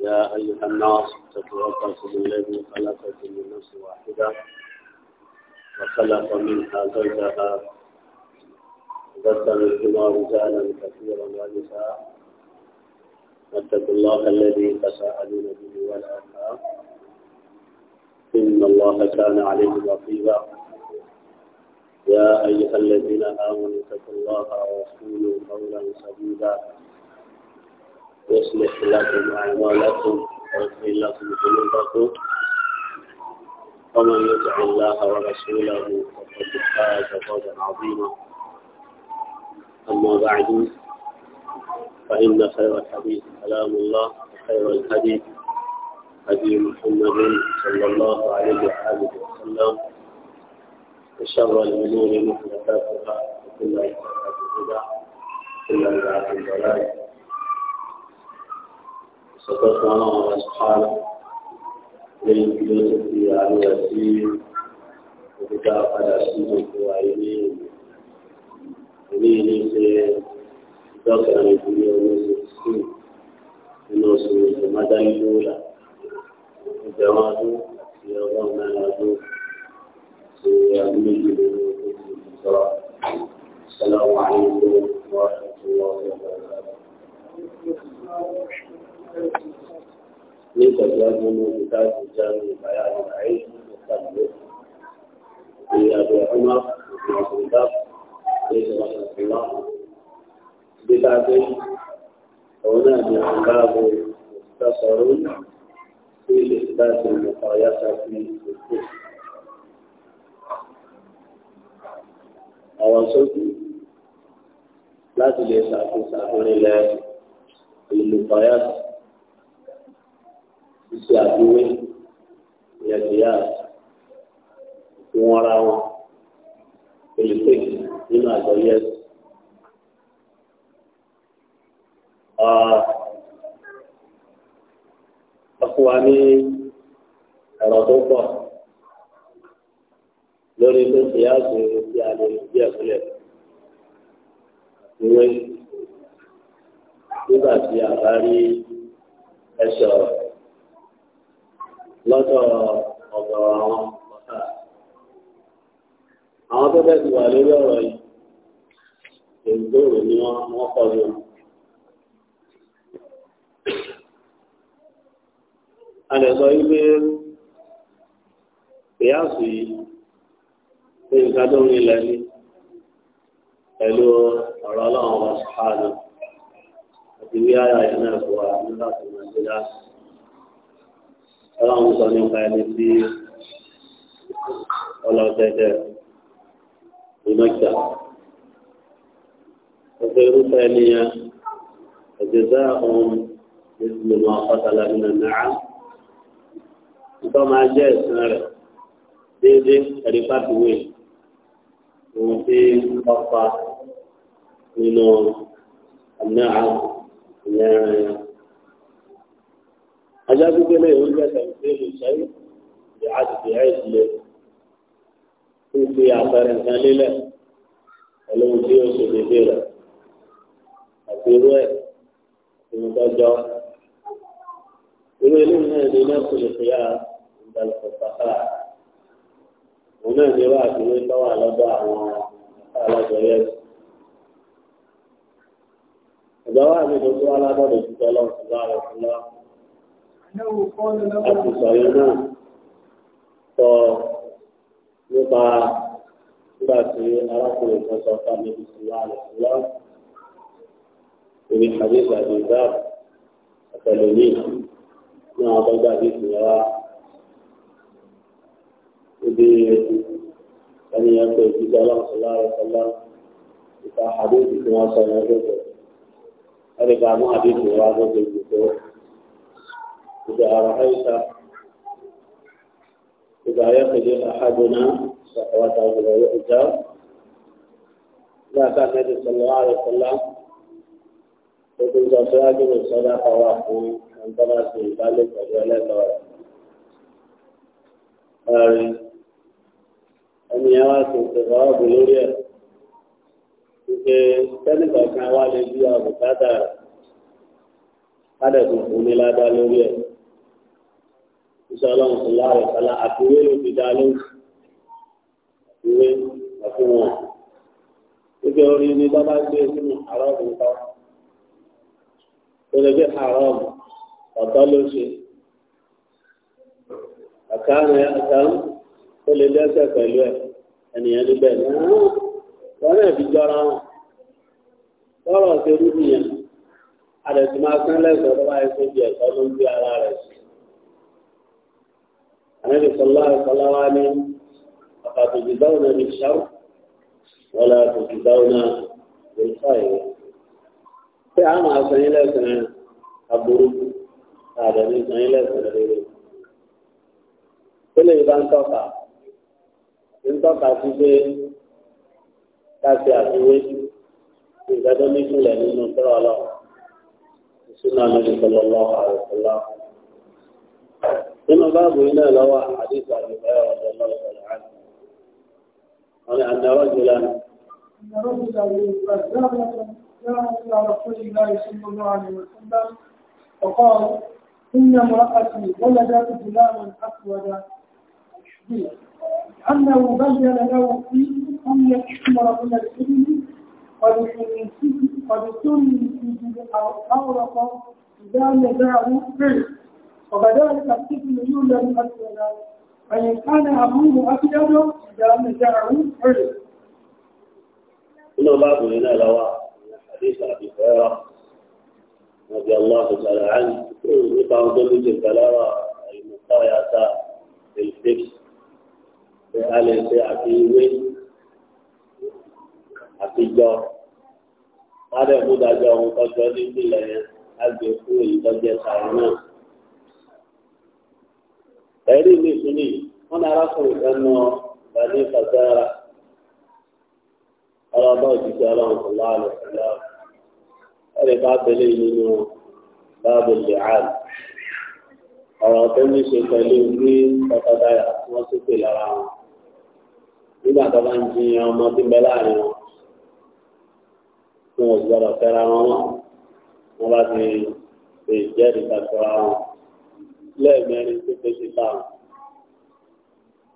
يا أيها الناس اتقوا ربكم الذي خلقكم من نفس واحدة وخلق منها زوجها وبث منهما رجالا كثيرا ونساء واتقوا الله الذي تساءلون به والأرحام إن الله كان عليه رقيبا يا أيها الذين آمنوا اتقوا الله وقولوا قولا سديدا ويصلح لكم أعمالكم ويغفر لكم ذنوبكم ومن يطع الله ورسوله فقد فاز فوزا عظيما أما بعد فإن خير الحديث كلام الله وخير الهدي هدي محمد صلى الله عليه وآله وسلم وشر الأمور محدثاتها وكل محدثات بدعة وكل بدعة ضلالة sọ́kọ́tún ọlọ́run ọba sọ́kọ́lá lẹ́yìn tí ó ti fi àríwá sí òkúta padà sí gbogbo ayé ní ìlú ilé ṣe dọ́kítà ìdílé oníṣe sí nínú oṣù ìjọmọdáyé lóòlà ìbẹ̀rù ọdún ti ọgbọ́n náírà ọdún ti ọdún méjìlélógún ìjọ السلام عليكم ورحمة الله وبركاته ليس الرجل كتاب جامع بيان العلم مستقبل في ابي عمر بن عبد الله عليه رحمه الله بدعه هنا باب مختصر في اثبات المقايسه في الكفر àwọn sókè láti lè ṣàkóso àkórí ilẹ̀ ìlú fayásì iṣẹ́ àdúwé ìyàgbéyà ìwọ̀n ara wọn olùpèsè nínú àjọ yẹn. Ọkùnrin wa ní ọ̀rọ̀ tó pọ̀ lórí tó ṣe àgbè tí a lè fi ẹ̀kúnlẹ̀ ìwé nígbà tí a bá rí ẹ̀ṣọ́ rẹ̀ lọ́dọ̀ ọ̀dọ̀ àwọn ọ̀tá. Àwọn tó bẹ́ẹ̀ ti wà lórí ọ̀rọ̀ yìí, èdòrò ni wọ́n kọ́ lé A lè sọ wípé ìyáàsù yìí pé nǹkan tó ń rinlẹ̀ ní pẹ̀lú ọ̀rọ̀ ọlọ́run ọ̀sán àti wíyára ìnáà fún nígbà tó máa gbé láti. ọlọ́run sọ nípa ẹni tí ọlọ́dẹ̀dẹ̀ ìmọ̀jà ọ̀fẹ́ irúfẹ́ ẹni yẹn ọ̀jẹ̀dá ọ̀hún nítorí wọn ọ̀pọ̀tàlá nínú náà ìtọ́ máa jẹ́ ẹ̀sìn rẹ̀ déédéé ẹ̀rí pàtìwé ohun tí ọ̀pá nínú náà ìyẹn rẹ̀ yẹn. ajá gbígbé náà yóò gbé sàmùsẹ́ lè ṣáyé lè àdìgbé àìsí lè tó fi àpẹẹrẹ nǹkan lélẹ̀ ọlọ́run tí yóò ṣe dédé rẹ̀ àti irú ẹ̀ ìmùtọ́jọ́ irú eléyìí náà ní iná kò lè fi yá ìdàlùkọ̀ pàtàkì òun náà ní wà àti wí lọ́wọ́ àlọ́dọ̀ àwọn alájọ yẹn. ìgbà wà mí tó tó alábọ̀dọ̀ jùlọ lọ́wọ́ bá rẹ̀ fún lọ́wọ́ àti sọ̀rọ̀ náà sọ nípa nígbà tí arákùnrin kan sọ fún àmì ìsìnlá àlùfáà ìrìn àdéhùn àti ìdáàbò àtẹlẹmí ní àwọn ọgbà àdéhùn yẹn wá ibi ẹni yẹn pé ìdíje ọlọ́mọsọlá ọ̀sọlá ìta àdéhùn tí wọ́n sọ yẹn gbogbo ẹni bá àdéhùn wá gbogbo ìgbòho. إذا رأيت إذا يقضي أحدنا صحوته ويؤجر لا كان النبي صلى الله عليه وسلم يقول زوجاته الصدقة وأخوه أن ترى في ذلك وجلد أري أن يرى في انتظار بلوريه pé tẹ́lifà kan wá lè bí àbùkádà rẹ̀ kádẹ̀kùn fún ní ládá lórí ẹ̀ iṣẹ́ ọlọ́run sọ láàrẹ̀ sọlá àfiwé ló fi dá lóhùn àfiwé àfihàn ibi orin ni bàbá gbé sínú àrọ́ọ̀bù nǹkan lórí bí àrọ́ọ̀bù ọ̀tọ́ ló ṣe àkàrùn àkàrùn ó lè dẹ́sẹ̀ pẹ̀lú ẹ̀ ènìyàn níbẹ̀ náà wọn náà fi jọra wọn lọ́rọ̀ ṣe rú nìyẹn a máa sán lẹ́sọ̀ọ́ tó bá yẹ kó di ẹ̀kọ́ ló ń gbé ara rẹ̀ sí. النبي صلى الله عليه وسلم فقد تجزون بالشر ولا تجزون بالخير في عام أصلي لا سنة أبورو هذا من سنة لا سنة غيره كل إبان توقع إن توقع فيه كاسي أسوي إذا دمي كل أنه نصر الله سنة النبي صلى الله عليه وسلم ثم باب إلى لواء حديث عن الآية رضي الله تعالى عنه قال أن رجلا أن رجلا بزارة جاء إلى رسول الله صلى الله عليه وسلم وقال إن امرأتي ولدت غلاما أسودا أنه بين له فيه أن يكمر من الابن قد سمي في جزء أورق إذا نزعه فيه وكذلك الطفل يولد أسودا فإن كان أبوه أسود إذا جعه حلو إنه باب هنا لوا حديث أبي هريرة رضي الله تعالى عنه يقع ضمن البلاغة المقايسة بالفكس في آل في عقيوي àtijọ́ wọ́n á dẹ̀ mú dájọ́ ohun tọ́jọ́ ní ìpínlẹ̀ yẹn á gbé fún èyí tọ́jọ́ sàrún náà ẹ̀rí mi sùn ní wọn ní arákùnrin kan nọ bàdé fàtàrà ọlọ́ba òjijì ọlọ́run kò wá lọ sílá ẹ̀rí bá bẹ̀lẹ̀ nínú báàbò lẹ́hàn ọ̀rọ̀ tó ní ṣe pẹ̀lú bí tọkọtaya tí wọ́n ti pè lára wọn nígbà tó bá ń jiyàn ọmọ tí ń bẹ láàrin wọn wọn ò gbọdọ̀ fẹ́ra wọn wọn bá ti lè jẹ́rìí takora wọn lẹ́ẹ̀mẹ́rin tó fẹ́ ṣe láàrùn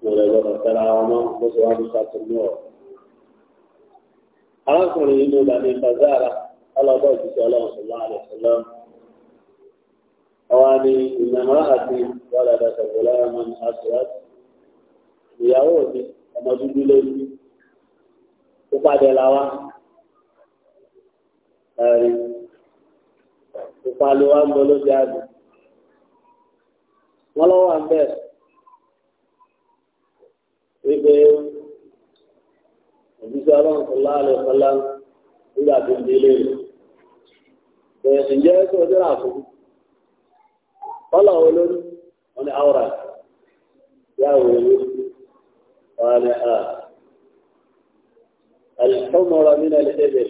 mo rẹ̀ gbọ́dọ̀ tẹ́ra ọmọ bó ṣe wá ní sàtúnú ọ̀. arákùnrin yìí ló dàbí fàzára ọlọ́dọ̀ òṣìṣẹ́ ọlọ́run sọ̀lá àlẹ́ sọ̀lá ọwọ́ ni ìnáwó àti wàlàdà sọ̀gbọ̀lá ọmọ àṣìwájú ìyàwó mi ọmọ dúdú lórí ó padà la ẹ̀rí ó ń bọ́ lóde wọn lọ́wọ́ à ń bẹ̀ wípé òjíṣẹ́ ọlọ́run tó láàlẹ́ ọ̀sánlá nígbà tó ń délé rẹ̀ pé ǹjẹ́ tó ọjọ́ náà fún kọ́lọ̀ olórí wọn ni àwòrán yà wò ó wọn ni à àlùfọ́mọ̀rọ̀ nínú ẹ̀lẹ́dẹ̀bẹ̀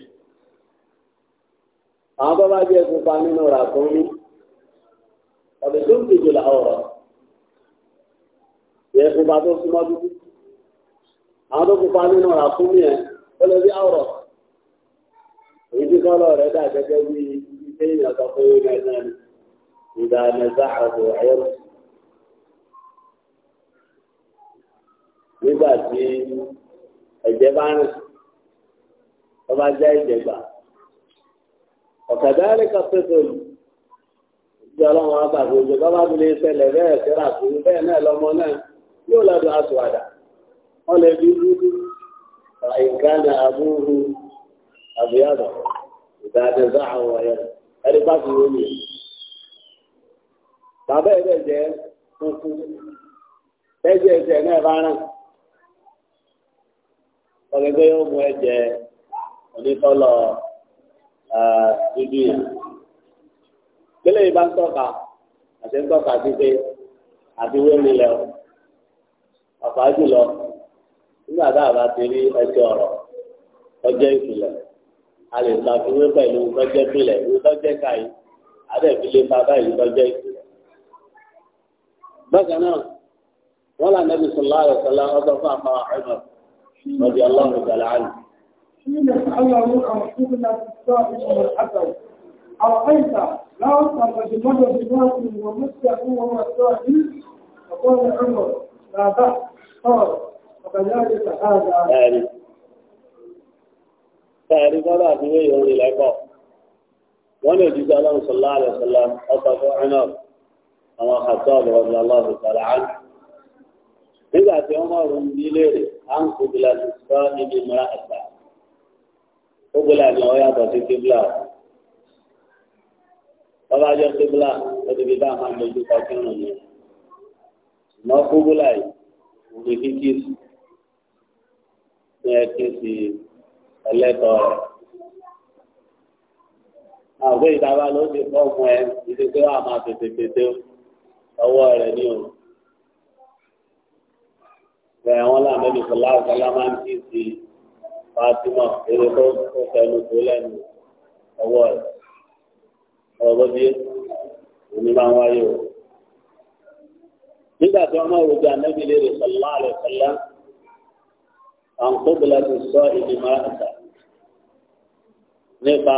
àwọn bá jẹ́ pupa nínú rà tó ní ọ̀bẹ̀ tó ń dìjọ làwòrán yẹ ọba tó súnmọ́ dúdú àwọn tó kópa nínú ọ̀rà fún mi yẹn ó lè rí àwòrán èyí tí kọ́lọ̀ rẹ̀ dà gẹ́gẹ́ bí iṣẹ́ ìyàn sọ fún yóò náà náà ni ìdá ẹ̀mẹ́sà àbò ẹ̀rọ. nígbà tí ẹ̀jẹ̀ bá rìn ọba jẹ́ ìjẹ̀gbà ọ̀kadà rẹ̀ kà pẹ́tọ́ yìí ìjọ ọlọ́run àgbàdo ìjọba bá fi lè ṣẹlẹ̀ bẹ́ẹ̀ fẹ́ràn àti náà lọ́mọ náà. yóò lọ́dọ̀ aṣọ̀wàdà wọ́n lè bí rúdú àìkánà àbúrú àbúyàdọ̀ ìdádẹ́sá àwọn ọ̀yẹ́ ẹni bá fi wọ́n yìí. bàbá ẹ̀ bẹ́ẹ̀ jẹ́ funfun ẹ̀jẹ̀ àfáàjù lọ nígbà tá a bá ti rí ẹsẹ̀ ọ̀rọ̀ ọjọ́ ìpìlẹ̀ a lè ṣàfiwé pẹ̀lú lọ́jọ́ ìpìlẹ̀ ìwé lọ́jọ́ káyì àdẹ̀fílẹ̀ bàbá ìlú lọ́jọ́ ìpìlẹ̀. bákan náà wọn là nẹbi sọlá àlọsọlá ọsọ fún àpá ọmọ ọdí Ọlọ́run gbàlá àlù. أرأيت لا أصل رجل مر ومسك هو والسائل فقال عمر Ẹ̀rí. Ẹ̀rí gbọ́dọ̀ àti wéyìn orí lẹ́kọ̀ọ́. Wọ́n lè jíjẹ́ ọlọ́run sọ̀lá àlẹ́ sọ̀lá ọkọ̀ fún ẹ̀nà àwọn àkàtọ́ ọ̀dọ̀ ọlọ́run sọ̀lá án. Nígbà tí wọ́n mọ̀ rún ní léèrè, à ń kó bìlà ti sọ níbi mìíràn àgbà. Ó bìlà ni ọ yàtọ̀ sí kíbla. Bọ́lá jẹ́ kíbla, ó ti fi dá àwọn àgbẹ̀jú kọ̀ọ̀kí rùn yẹn ṣùgbọ́n kóbólà yìí mo fi kí kíyèsí ní ẹ kíyèsí ẹlẹ́tọ̀ rẹ̀. àwọn ìdáwà ló ti fọ́ ọmọ ẹ ìdí pé wàá máa tètè tètè ọwọ́ rẹ̀ ní o. bẹ́ẹ̀ wọ́n làmọ́ ní sọlá ọ̀sálá máa ń kíyèsí Fatima eré tó tó fẹnu tó lẹ́nu ọwọ́ rẹ̀. ọ̀rọ̀ bó ti yé máa ń wáyé o nígbà tí wọn máa wo gba anabi léèrè sọlá rẹ sọlá àǹkóbìlà ti sọ ìdí máa ń ta nípa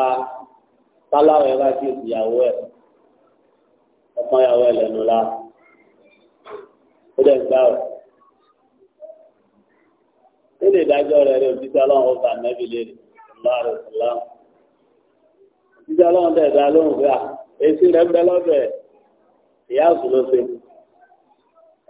táláwọ ẹ bá ti ìyàwó ẹ ọmọ ìyàwó ẹ lẹ́nu la ó dẹ gbá o nínú ìdájọ́ rẹ rẹ òtítọ Ọlọ́run ó gba anabi léèrè sọlá rẹ sọlá òtítọ Ọlọ́run dẹ dá lóhùn fún wa èsì rẹ ń bẹ lọ́dọ̀ ìyá òsùn ló ṣe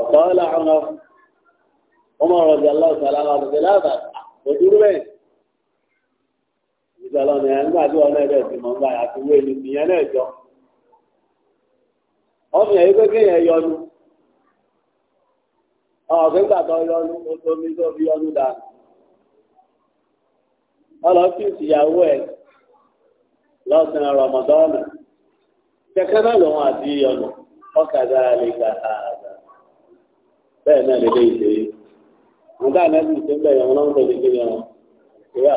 ọ̀kọ́ọ́lá ọ̀nà ọmọ ọ̀rọ̀ jẹ́ aláwọ̀ sàlámà àdùgbẹ́ láàbà òdúró bẹ́ẹ̀. ìjọ lọ nìyẹn nígbà tí wọn náà bẹ̀ sí mọ̀ nígbà àti wé ni bẹ́ẹ̀ náà lè lè ṣe é wọn dá àná sì ń bẹ̀rẹ̀ wọn lọ́wọ́ tó lè ṣe yẹn ìyá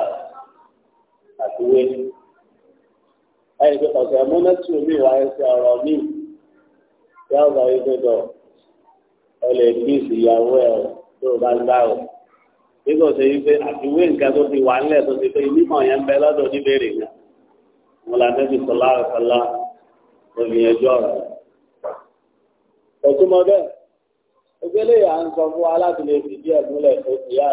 àti wé ẹ̀yìn pé ọ̀sẹ̀ múnátù mi wà ẹsẹ̀ ọ̀rọ̀ mi yá ọ̀gá yìí pé tọ̀ ọ lè bí ìyàwó ẹ̀ tó o bá ń bá o bí kò ṣe wípé àfiwé nǹkan tó ti wà ńlẹ̀ tó ti pé mímọ̀ yẹn ń bẹ lọ́dọ̀ oníbèrè yẹn wọn là nẹ́bí sọlá ọ̀sọ̀lá òmìnirẹ́jọ́ rẹ̀ òtúmọ̀ bẹ́ẹ̀ ìgbélé à ń sọ fún aláàbílẹ̀ fìdí ẹ̀gúnlẹ̀ tó ti yá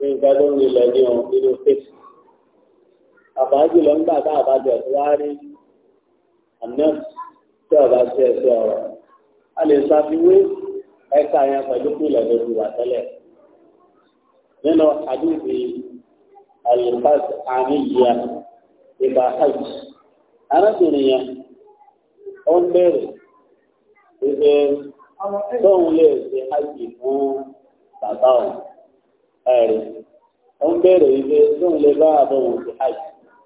ní nǹkan tó ń lè ní ohun nínú fèsì àbájú lọ ń gbà tá àbájọ ẹ̀ tó wá rí àná tí ọba sí ẹsẹ̀ ọ̀rọ̀ a lè ṣàfiwé ẹ̀ka yẹn pẹ̀lú pìlẹ̀ tó ti wà tẹ́lẹ̀ nínú àdúgbò alifas àníyíya ìgbà hajj arábìnrin yẹn ó ń bẹ̀rẹ̀ tóun lè ṣe hajj fún bàbá òun ẹ̀rí ó ń béèrè wípé tóun lè bá bàbá òun ṣe hajj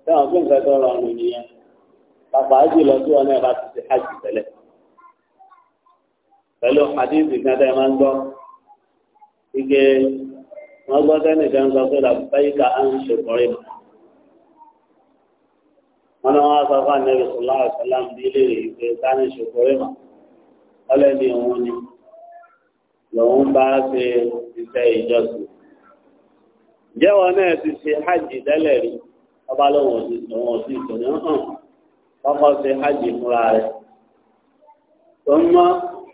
tẹ́wọ̀n fún nǹkan tó rọrùn nìyẹn pàpà ájì lọ sí ọ̀nà ìbá ti ṣe hajj tẹ́lẹ̀ pẹ̀lú àdéhùn kan tẹ́ máa ń gbọ́ ike wọ́n gbọ́ sẹ́nìkan sọ pé làbáyíká á ń ṣe kọrin wọn ni wọn sọ fún anabi sọlá àṣàlám bí ilé ìgbé sani ṣe kọrin mọ́ ọlẹ́ni òun ni lòun bá ṣe iṣẹ́ ìjọsìn. Jẹ́wọ́ náà ti ṣe hajj tẹ́lẹ̀ rí, ọba lòun ò sí lòun ò sí ìtòní hàn, kọ́kọ́ ṣe hajj fúnra rẹ̀. Tó ń mọ́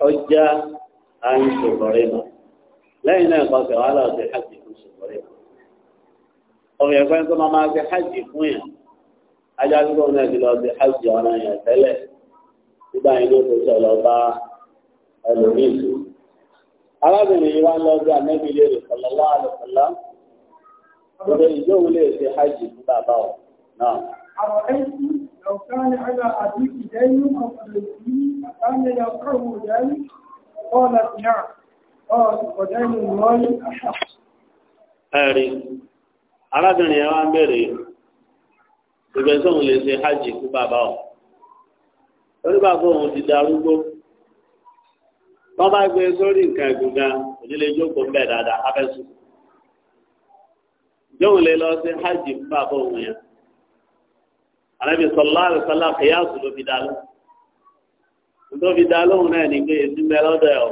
ọjà àrùn ṣòkòrè mọ́. Lẹ́yìn náà kọ́ ṣe wàhálà ṣe hajj fún ṣòkòrè mọ́. Ọ̀rọ̀ ẹ̀fẹ́ tó máa máa ṣe hajj fún yàn, ajá tó náà ti lọ ṣe hajj ọ̀nà yàn tẹ́lẹ̀. Nígbà yẹn ló tó ṣe bá ẹlòmíì tó. arábìnrin yìí wá lọ bí anábì lè rè sọlọ́lá àlùfọlá ọ̀dọ̀ ìjọ wo lè ṣe hajj fún bàbá ọ̀ náà. àwọn ẹ̀sìn lọ́kàn àgbà àbí ìdẹ́yìn ọ̀pọ̀lọpọ̀ yìí àtàwọn ẹ̀yà ẹ̀rí arábìnrin yẹn wá ń bèrè lè ṣe hajj fún bàbá ọ̀ orí bàbá òun ti darúgbó bàbá gbé sórí nǹkan ìgbòga onílé jókòó bẹ́ẹ̀ dáadáa abẹ́sùn jóun lè lọ sí hajj fún bàbá òun yẹn àlẹ́bí sọlá àlùsọlá kìyàsù ló fi dá lóhùn tó fi dá lóhùn náà ní pé èsì mẹ́ lọ́dọ̀ ẹ̀ o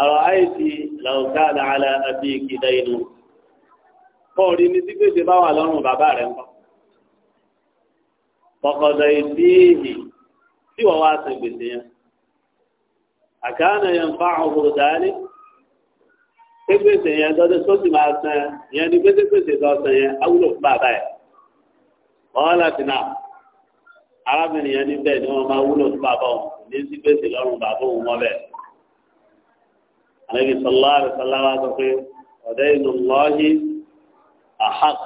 àrò àìsí làwùká làálẹ̀ àti ìkìdá inú kọ́ọ̀rí ní tí gbèsè bá wà lọ́rùn bàbá rẹ̀ ńkọ́ kọ̀kọ̀dọ̀ ìdíhì tí wọ́n wá sí gbèsè yẹn àkáànà yẹn fa ọ̀hún dání pépèsè yẹn tọ́jú tó ti máa sàn yẹn ní pépèsè tó sàn yẹn awúlò fún bàbá yẹn wọ́n láti nà arábìnrin yẹn níbẹ̀ ni wọ́n máa wúlò fún bàbá òun ní sí pèsè lọ́rùn bàbá òun mọ́ bẹ́ẹ̀. àlejò sọlá rẹ̀ sọlá wa sọ pé ọ̀dẹ́ inú lọ́ọ́yì àhàk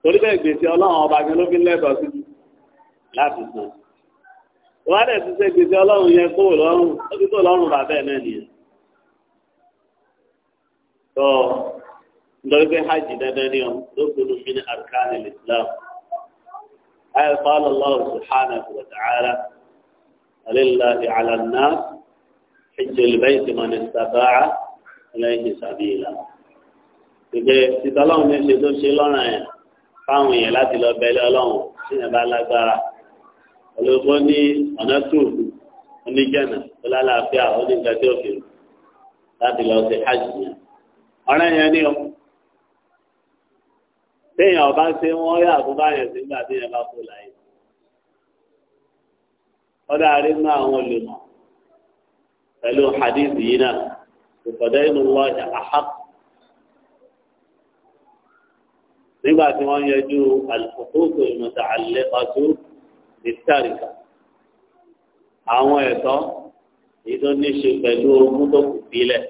torí bẹ́ẹ̀ gbèsè ọlọ́run ọba gẹ́lógún lẹ́tọ̀ọ́ sí láti sàn wọ́n á dẹ̀ ti ṣe gbèsè ọlọ́run yẹn kó lọ́rùn ó ti tó lọ́rùn bàbá ẹ̀ náà nìyẹn. tó nítorí pé hajj dandan ni ọ̀hún ló gbóná mi ní arkan islam ayé fáwọn ọlọ́run subhanahu wa ta'ala alillahi ala an-nas hajj al-bayt man istata'a ní ṣe tó ṣe lọ́rùn yẹn fáwọn èèyàn láti lọ bẹ̀lẹ́ ọlọ́run tí yẹn bá lágbára olùkọ́ ní ọ̀nà tóògùn oníjànà tó lálàáfíà onígbàdé òkè láti lọ sí hajj yẹn ọ̀rẹ́ yẹn ní o téèyàn ọba ṣe wọn yà tó bá yẹn sí nígbà téèyàn bá kó láyé ọ̀dà àrínú àwọn olùmọ̀ pẹ̀lú hadith yìí náà ìfọ̀dẹ́ inú wọ́n ṣe àhàk nígbà tí wọ́n yẹjú al-huquq al-muta'alliqah ìtàríkà àwọn ẹ̀tọ́ èyí tó ní ṣe pẹ̀lú ogún tó kù sílẹ̀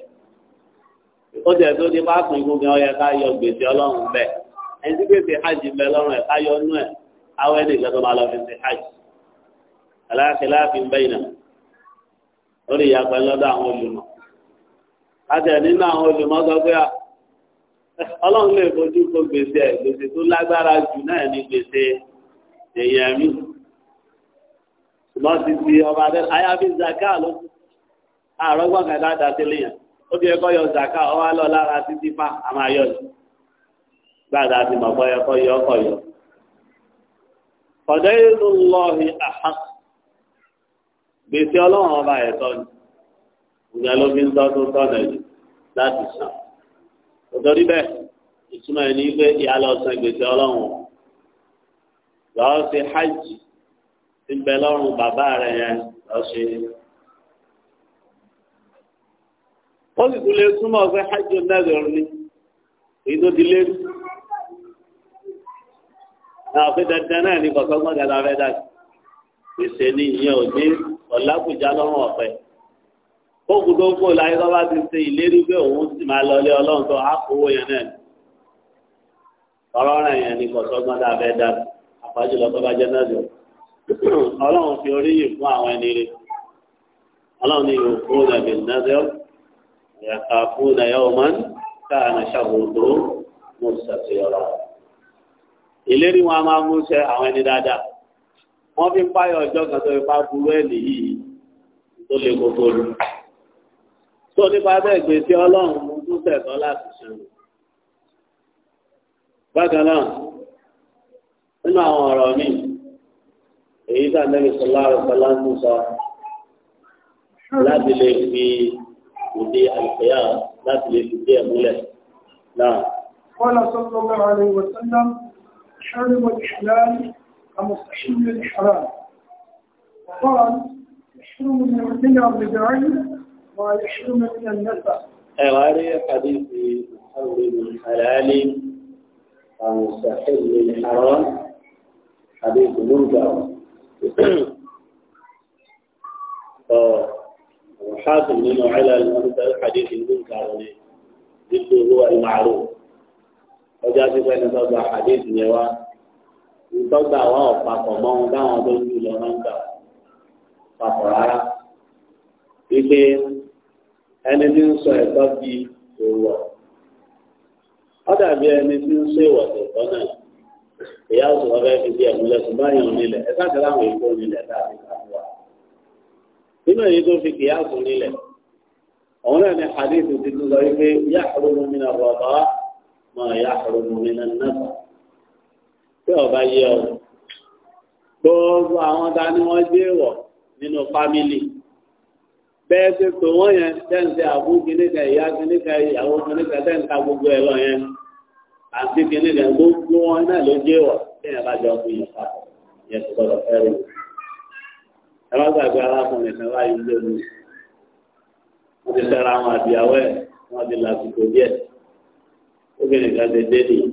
ìkọ́jà tó ní bá pín ọyẹ ká yọ gbèsè ọlọ́run bẹ́ẹ̀ ẹni tí gbèsè hajj ń lọ́rùn ẹ̀ ká yọ nú ẹ̀ àwọn ẹni ìgbà máa lọ fi hajj fi ń bẹ́yìn náà ìyàgbẹ́ lọ́dọ̀ àwọn olùmọ̀ àtẹ̀ àwọn olùmọ̀ sọ pé ọlọ́run lè fojú kó gbèsè gbèsè tó lágbára jù náà ní gbèsè èèyàn mi ṣùgbọ́n ti di ọba adé ayábí zaka ló àárọ̀ gbọ̀ngàn dáadáa sílẹ̀ yẹn ó ti yẹ kọ́ yọ zaka ọwọ́ lọ lára títí pa àmà yọ ni gbàdá ti mọ̀ kọ́ yẹ kọ́ yọ kọ́ yọ. ọ̀dọ́ ìlú lọ́ọ̀hì àhán gbèsè ọlọ́run ọba ẹ̀tọ́ ni ìgbà ló fi ń tọ́tún tọ́nà yìí láti sàn. ọ̀dọ́ níbẹ̀ ìtumọ̀ ẹ̀ ní pé ìyá lọ san gbèsè ọlọ́run lọ́ọ́ sí hajj ti bẹ lọ́rùn bàbá rẹ̀ yẹn lọ́sẹ̀. ó sì tún lè súnmọ́ pé hajj nẹ́ẹ̀dọ̀ ni èyí tó di lérú. náà fi dandan náà ní kọ̀ọ̀kan gbọ́ngàn abẹ́ dà sí. ìṣe ni ìyẹn ò ní ọ̀làkùjá lọ́rùn ọ̀pẹ. kókù tó ń kó láyé tó bá ti ṣe ìlérí pé òun sì máa lọ ilé ọlọ́run tó á kówó yẹn náà ni. ọ̀rọ̀ rẹ̀ yẹn ní kọ̀ọ̀kan gbọ́ngàn abẹ́ dà sí. àpájùlọ ọlọ́run fi orí yìí fún àwọn ẹni rẹ̀ ọlọ́run ní ìwòkú dàbí nàzẹ́ọ̀ ẹ̀ka fún nàyẹ̀wò máa ń káàánà ṣàkóso mú ṣàṣeyọrọ. ìlérí wọn a máa mú ṣe àwọn ẹni dáadáa wọ́n fi ń páyọ ọjọ́ kan tó ipá burú ẹ̀ nìyí tó lè koko lu. tó nípa bẹ́ẹ̀ gbé sí ọlọ́run mú tó tẹ̀tọ́ láti ṣan. bákan náà nínú àwọn ọ̀rọ̀ míì. èyí tá nẹ́bí sọlá ọ̀sọ̀lá ń موسى لا lè في ìdí àlùfẹ́yà لا lè في dé ẹ̀múlẹ̀ náà. قال صلى الله عليه وسلم حرم الإحلال كمستحيل الحرام وقال يحرم من البدع ما يحرم من النسب غير حديث حرم الحلال كمستحيل الحرام حديث منكر وحاكم منه على الحديث المنكر ضده هو المعروف ọjà tí fẹ́ni tọ́gbà hadith yẹn wá ìtọ́gbà wa ọ̀pàpọ̀ mọ́ ohun táwọn tó ń jù lọ máa ń gbà papọ̀ rárá wípé ẹni tí ń sọ ẹ̀tọ́ di òwò ọ̀dàbí ẹni tí ń sọ ìwọ̀sẹ̀ tọ́ náà ìyá oṣù wọn fẹẹ fi bí ẹmúlẹ ṣùgbọ́n yàn nílẹ̀ ẹ sáà tẹlẹ àwọn èyí tó nílẹ̀ láàrin káfíwá nínú èyí tó fi kìyà sùn nílẹ̀ àwọn náà ní hadith ti tún sọ wípé yá àrùnmù mi náà rọba mọ yá àrùnmù mi náà nàfà tí ọba yẹ ọ gbogbo àwọn ta ni wọn dé wọ nínú fámìlì bẹ́ẹ̀ ti tò wọn yẹn tẹǹsì àbú kìnìkan ìyá kìnìkan ìyàwó kìnìkan tẹǹsì àgbogbo ẹ lọ yẹn àti kìnìún rẹ̀ tó gbó wọn náà ló dé wọ̀ lẹ́yìn abájọ fún yìí papọ̀ yẹn tó gbọdọ̀ fẹ́ rẹ̀. ẹ má gbàgbé arákùnrin kan láàyè ń lòlù wọ́n ti fẹ́ra wọn àbíyàwó ẹ̀ wọ́n ti làásìkò díẹ̀ obìnrin kan ti dé nìyí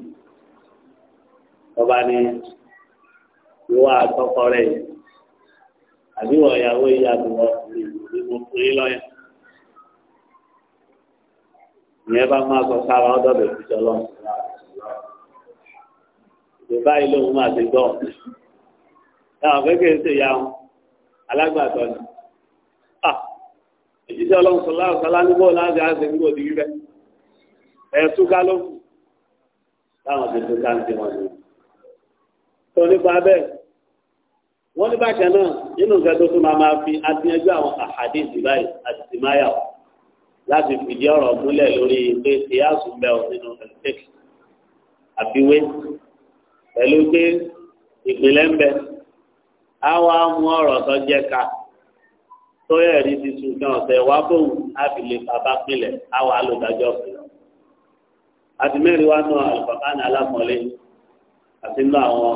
ọba ni ìwà àtọkọ rẹ̀ àbí wọ ìyàwó ìyàtọ̀ ọkùnrin nínú ọkùnrin lọ́yẹ̀ ìyẹn bá máa sọ sára ọdọ̀ bẹ̀rù jọlọ́ọ̀ pé báyìí lòun máa ti gbọ́ táwọn kékeré ṣe ya wọn alágbàtọ́ ni ìjíṣẹ́ ọlọ́run sọlá ọ̀sálá ní bọ́ọ̀lù láti àṣẹ ń gbòdì rírẹ́ ẹ̀ẹ́tú ká ló kù táwọn ti tó ká ń ti wọn ni. tó nípa bẹ́ẹ̀ wọ́n ní bákan náà nínú nǹkan tó tún máa máa fi àtìyànjú àwọn àhàdé ìdìbáyì àti tìmáyà láti fìdí ọ̀rọ̀ múlẹ̀ lórí pé ìyá àsùnbẹ̀ nínú ẹ̀ńtẹ́kì àfiwé pẹ̀lú pé ìpìlẹ̀ ń bẹ àwọn amú ọ̀rọ̀ tó jẹ́ ká tó yẹ rí ti sùn náà tẹ̀ wá bòun àbílẹ̀ bàbá pilẹ̀ àwọn alòdájọ́ pilẹ̀ àti mẹ́rin wá náà àlùfàkánì alámọ̀lé àti nínú àwọn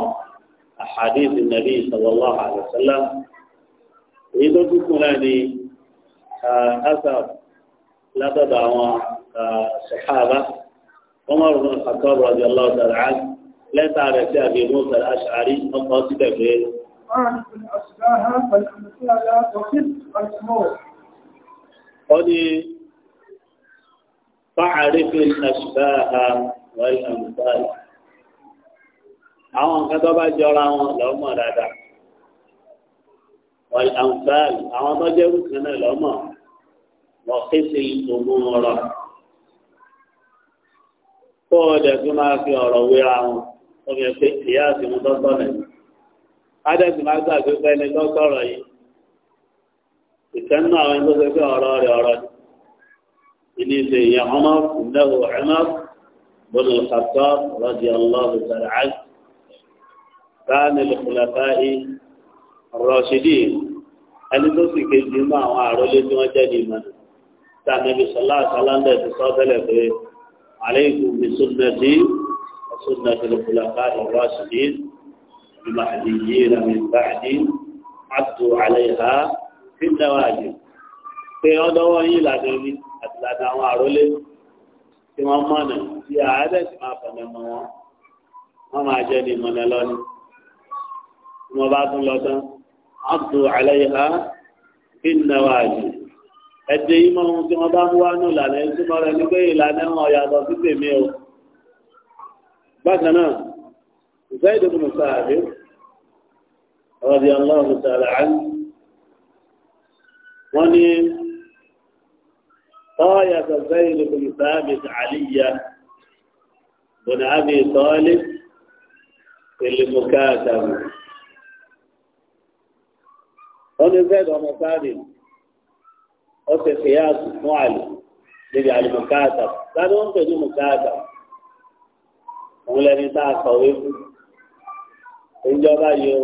àhàdíìsì nàbí sallallahu alaihi èyí tó dúkùn náà ni ah, asa látọ̀dọ̀ àwọn ah, sàhábà Umar ibn Khattab radiyallahu ta'ala anhu lẹ́tà rẹ̀ sí àbí Musa Al-Ash'ari ọkọ̀ síbẹ̀ pé. ó ní fáàrífì àṣìbáà wọ́n àmúfáàlì. àwọn nǹkan tó bá jọra wọn lọ́mọ dáadáa. wọ́n àmúfáàlì àwọn tó jẹ́ rúkan sí ìtòmú ọ̀rọ̀. kó o dẹ̀ tún máa fi ọ̀rọ̀ wéra wọn ọmọ ẹgbẹ́ ìyá àti mo tọ́tọ́ rẹ̀. Adẹ́sì máa gbàgbé pé ẹni tó sọ̀rọ̀ yìí. Ìtẹ́nu àwọn ẹni tó ṣe pé ọ̀rọ̀ rẹ̀ ọ̀rọ̀ ni. Ilé ìṣe ìyá ọmọ ìdáwó ẹ̀mọ́ bọ́lá ìfàtọ́ rọ́dì ọlọ́ọ̀bù sọ̀rọ̀ àjù. Sáàni lùkùlàfà yìí rọ̀ṣídì ẹni tó sì kejì nínú àwọn àrólé tí wọ́n jẹ́ ní ìmọ̀. Sáàni bisọ̀lá àṣálá ti sọ́ tẹ́lẹ̀ pé àlékún bisunna وسنة الخلفاء الراشدين المهديين من بعد عدوا عليها في النواجذ pé ọ̀dọ̀ wọn yìí lànà ní àti lànà àwọn àrólé tí wọn mọnà tí àádẹ sì máa fọnà mọ wọn wọn máa jẹ ní ìmọ̀nà lọ́nà tí wọn bá tún lọ tán àbdù àlẹyà bí nàwà àjù ẹdẹ yìí mọ ohun tí wọn bá ń wá nù lànà ẹni tí wọn rẹ ní pé ìlànà wọn yàtọ̀ sí tèmi o. بعدنا زيد بن ثابت رضي الله تعالى عنه وني طاية زيد بن ثابت علي بن أبي طالب اللي مكاتب وني زيد بن ثابت وفي خياس معلم اللي على مكاتب كانوا هم مكاتب òun lẹni tá a kọ̀wé fún ìjọba yìí o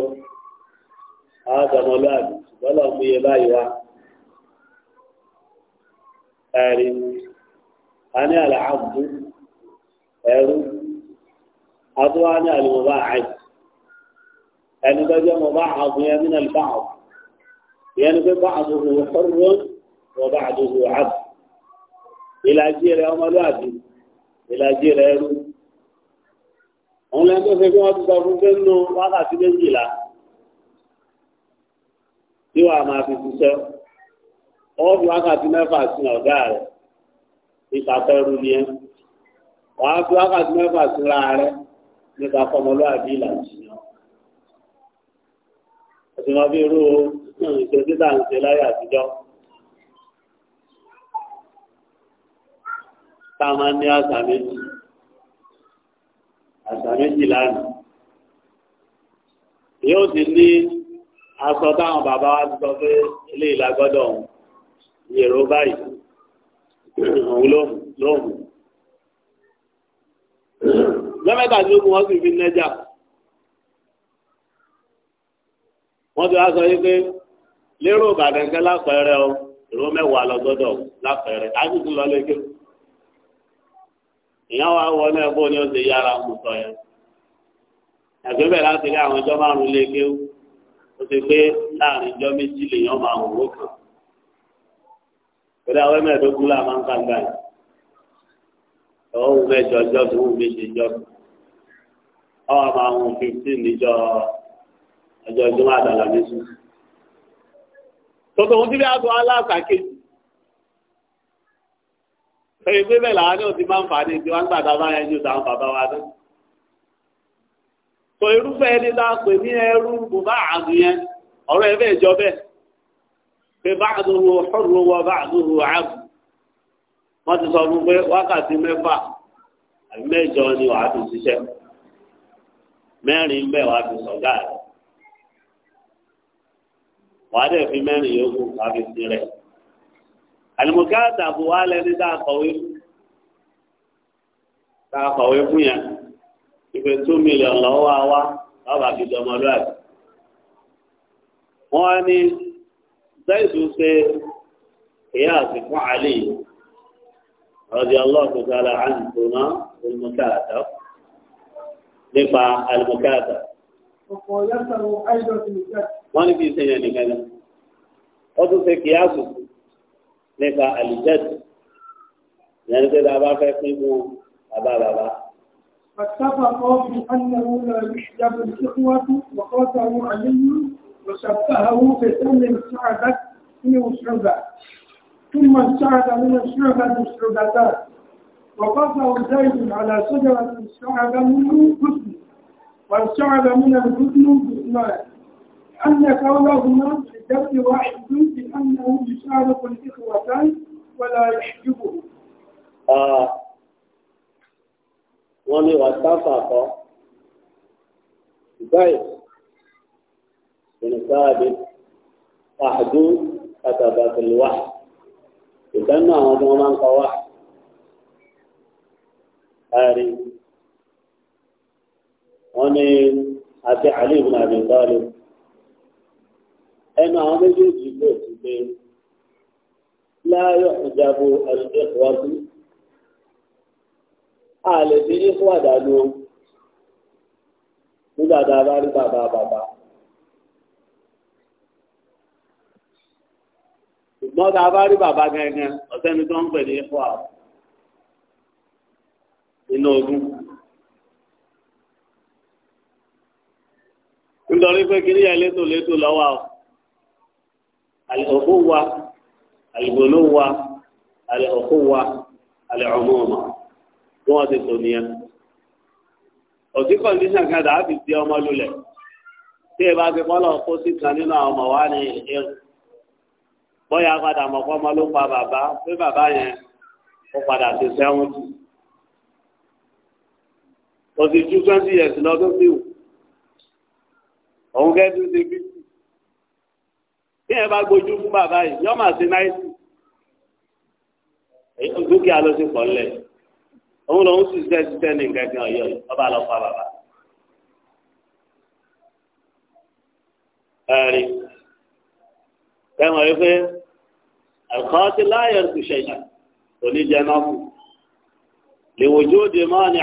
àwọn ọ̀dọ́mọlúwàbí ṣùgbọ́n lọ́ọ́ mú iye báyìí wá ẹ̀rí a ní àlàáfù ẹ̀rú àtúwá ní àlùmọ̀bá àìsí ẹni tó jẹ́ mọ̀bá àbú yẹn nínú àlùbáàbù ìyẹn ni pé bá àdúgbò ọ̀rọ̀ wọ́n bá àdúgbò àbù ìlàjì rẹ̀ ọmọlúwàbí ìlàjì rẹ̀ ẹrú àwọn lẹ́yìn tó ṣe wọ́n ti sọ fún pé wákàtí méjìlá tí wàá máa fi ṣiṣẹ́ ọ́ọ̀dù wákàtí mẹ́fà sí ọ̀gá rẹ̀ nípa fẹ́rù ni ẹ́ wàá fi wákàtí mẹ́fà sí ra rẹ̀ nípa fọmọlúwàbí ìlànà ìyàn ẹ̀sìn wọn bí irú ìṣe títà ń ṣe láyé àtijọ́ táwọn máa ń ní àṣà méjì àṣà méjì lánàá yóò ti ní aṣọ táwọn bàbá wa ti sọ pé ilé ìlàgọ́dọ̀ ọ̀hún yèrò báyìí òun lóhùn lọ́mẹ́ta tí ó kún wọ́n sì fi nẹ́jà wọ́n ti wá sọ yìí pé lérò Ìbàdàn kẹ́ lápẹ̀rẹ̀ o èrò mẹ́wàá lọ́gọ́dọ̀ lápẹ̀rẹ̀ á tún lọ lé kéwù èèyàn wá wọ náà bó ni ó ṣe yára mú sọ yẹn ẹgbẹ́ bẹ̀rẹ̀ láti rí àwọn ọjọ́ márùn-ún lé kéwú ó ti pé láàrin ọjọ́ méjì lèèyàn máa wò ó kàn pẹ̀lú àwọn ẹ̀mẹ́ẹ̀dógún là máa ń kàn gbà yìí ọ̀hún mẹ́jọ ọjọ́ tó wù méje jọ ọ̀hún máa wù fifteen níjọ ọjọ́ ọdún àdàlà méjì. tuntun tí bí a tó aláṣà kejì. ẹ̀yìn pé bẹ́ẹ̀ ti máa ń fà ní ìdíwá nígbà a bá yẹn ju bàbá wa dé. irúfẹ́ ẹni a pè ní ẹrú bùbá àdùn yẹn ọ̀rọ̀ ẹ bẹ́ẹ̀ bẹ́ẹ̀ pé báàdùnú ọ̀rùn wọ báàdùnú àbù wọ́n ti sọ fún pé wákàtí mẹ́fà àbí mẹ́jọ ni wàá fi ṣiṣẹ́ mẹ́rin bẹ́ẹ̀ wàá fi sọ̀gá wàá dẹ̀ fi mẹ́rin wàá fi àlùmọ̀káàtà bò wá lẹ́ni tá a kọ̀wé tá a kọ̀wé fún yẹn ìpè tó mílíọ̀nù lọ́wọ́ wa wá lọ́ba fi dọmọlúwàbí. wọ́n á ní sẹ́yìn ṣe ìyá àti fún àlè ọ̀dì ọlọ́ọ̀tún sára àǹtò náà àlùmọ̀káàtà nípa àlùmọ̀káàtà. ọ̀pọ̀ yàtọ̀ àìjọ́ ti nìkan. wọ́n ní kí n ṣe yẹn nìkan náà. wọ́n tún ṣe kìí àsùn. nípa àlìjẹ́dì ìyẹn ní pé fẹ́ فاتفقوا بأنه لا يحجب الإخوة وقاتلوا علي وشبهه بثمن الشعبة فيه شعبة ثم الشعبة من الشعبة شعبتان وقفه زيد على شجرة الشعبة منه حسن والشعبة من الحسن بإثنان أن قولهما لدرس واحد بأنه يشارك الإخوتان ولا يحجبه. آه. wọ́n ní wàá sáfà kọ́ báyìí ìnìkáàdì àdó àtàbàtìlì wà ìdánù àwọn tí wọ́n máa ń kọ́ wà káàrí wọ́n ní àti àlè ìbùnà àbí ìtọ́lẹ̀ ẹnu àwọn méjèèjì ló ti gbé láyọ̀ ìjàbọ̀ ẹ̀kọ́wájú a lè fi ikú àdánù nígbà tá a bá rí bàbá bàbá. ṣùgbọ́n tá a bá rí bàbá gangan ọ̀sẹ̀ ni tó ń pè ní ikú àwọn inú ogun. nítorí pé kiri yẹn létò létò lọ́wọ́ àwọn. الأخوة البنوة الأخوة العمومة wọ́n ti tò nìyẹn òsì kọ́ndíṣàn kan dàá fi di ọmọ lulẹ̀ tí ẹ bá fi kọ́lọ̀ kó sí kan nínú àwọn ọmọ wa ní ìhìn bóyá padà mọ̀ kọ́ ọmọ ló pa bàbá pé bàbá yẹn ó padà ti sẹ́wọ́n jù òsì ju twenty years lọ tó fi wù òun kẹ́ẹ́ tún ti fi yẹn bá gbójú fún bàbá yìí yọ́ màá ṣe náìsì dúkìá ló ti pọ̀ lẹ̀ òun lòun sì ṣiṣẹ́ ṣiṣẹ́ ní gẹ́gẹ́ ọ̀yọ́ yìí ọba lọ pa bàbá. ẹ̀rí kẹ́mọ̀ yìí pé ẹ̀kọ́ ti láyọ̀ ti ṣẹ̀yà kò náà fún lè òde mọ́ ni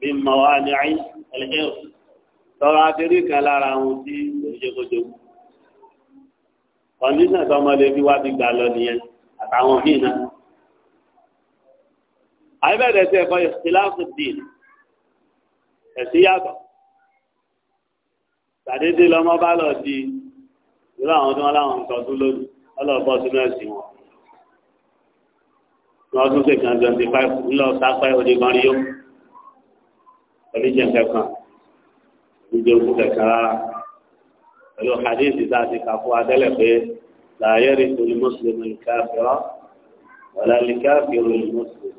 bí mọ̀ wá ẹ̀lẹ́yìn tọ́ra ti rí kan lára àwọn tí kò ní kó jogún kọ̀ǹdíṣàn tó ọmọ lè fi wá ti gbà lọ nìyẹn àtàwọn míì náà. àyẹ̀bẹ̀rẹ̀ sí ẹ̀kọ́ ìsìláàfù dìín ẹ̀sìn yàtọ̀ tàdédé lọ́mọ bá lọ di irú àwọn tí wọ́n láwọn ń tọ́jú lónìí ọlọ́ọ̀bọ sínú ẹ̀sìn wọn. wọ́n tún ṣe kan twenty five ńlọ sápẹ́ onígbọ́nrin yó pẹ̀lú ìjẹ̀kẹ̀ kan ìjẹ̀kẹ̀ kan rárá pẹ̀lú hadith tá a ti kà fún adẹ́lẹ̀ pé la yarithu al-muslimu al-kafira wala al-kafiru al-muslim